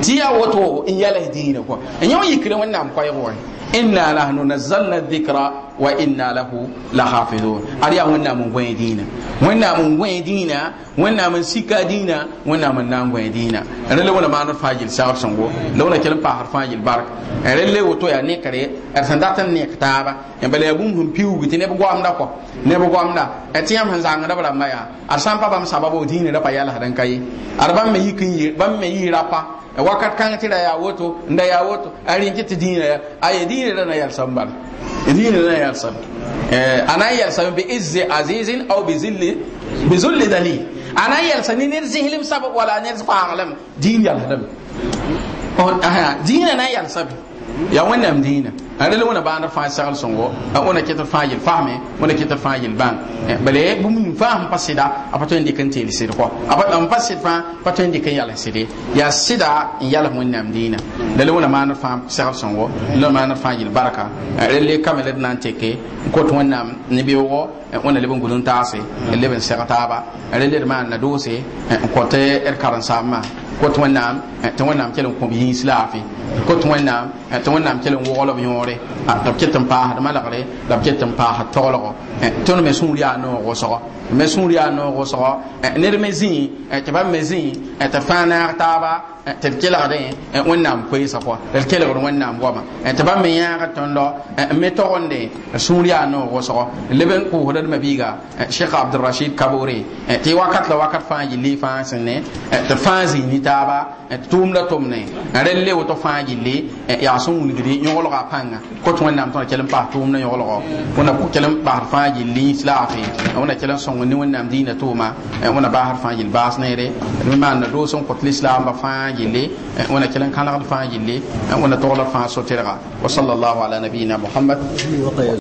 ti ya wato in yalla dina ko en yawi kire wannan kwayo wani inna nahnu nazzalna dhikra wa inna lahu lahafizun ari ya wannan mun gwen dina wannan mun gwen dina wannan mun sika dina wannan mun nan gwen dina rele wala manar fajil sa'ar sango lawla kelim pa har fajil bark rele woto ya ne kare er sandatan ne kitaba en bale bum hum piu giti ne bugo amda ko ne bugo amda etiyam er han zanga da bara maya asan pa bam sababo dina da pa yala hadan kai arban me yikin ban me yi rapa E wakat kãng tɩ ya woto n da woto a rĩn tɩ tɩ dĩinã ya aye dĩinã ra na yɛlsam bala dĩinã ra na yɛlsam a na n yɛlsam bɩ izze azizin aw bɩ zilli bi zulli dalil a na n ni ne ned sab wala ned paanglem dĩin yalsdame dĩinã na n yɛlsa bɩ yaa wẽnnaam a rel wẽna bãanda fãa sagl sõngo a wẽna ket fãa yel fasme wẽna ket fãa yel bãng bale bũmb ning fãa sẽn pa sɩda a pa tõe n dɩk n teel sɩd kɔ pa sɩd fãa pa tõe n dɩk n yals sɩde yaa sɩda n yals wẽnnaam diinã la la wẽna maand fãa segl sõngo la maand fãa yel barka rel le kame na n teke n kot wẽnnaam ne wẽna leb n gũd n taase leb n seg taaba rel led maan na doose n kõt d karen-saamã kot wẽnnaam tɩ wẽnnaam kell n kõb yĩis laafɩ kot wẽnnaam tɩ wẽnnaam kell n woglb yõore togre la b ket n paasd malgre la b ket n paasd toglgo tõnd me sũur me sũur yaa noog-wʋsgɔ ned me zĩ tɩ ba me zĩ tɩ fãa naag taaba tɩ wẽnnaam pʋa d kelgd wẽnnaam tɩ ba me yãag tõndɔ me togende sũur yaa leb n kʋʋsda abdurashid kabore tɩ wakat la wakat fãa fãa sẽn ne tɩ fãa zĩni taaba tɩ tʋʋmda tʋmne rel le woto fãa yaa sẽn yõglga a pãnga kot wẽnnaam n paas yõglgɔ wẽna n paasd fãa wẽna n sõng wani wẽnnaam dĩinã tʋʋma wẽna baasd fãa yel baas neere me maanda doos n kõt lislaambã fãa yelle wẽna kell n kãlegd fãa yelle wẽna toglr fãa so-tɩrga wa sallallahu ala nabiyina muhammad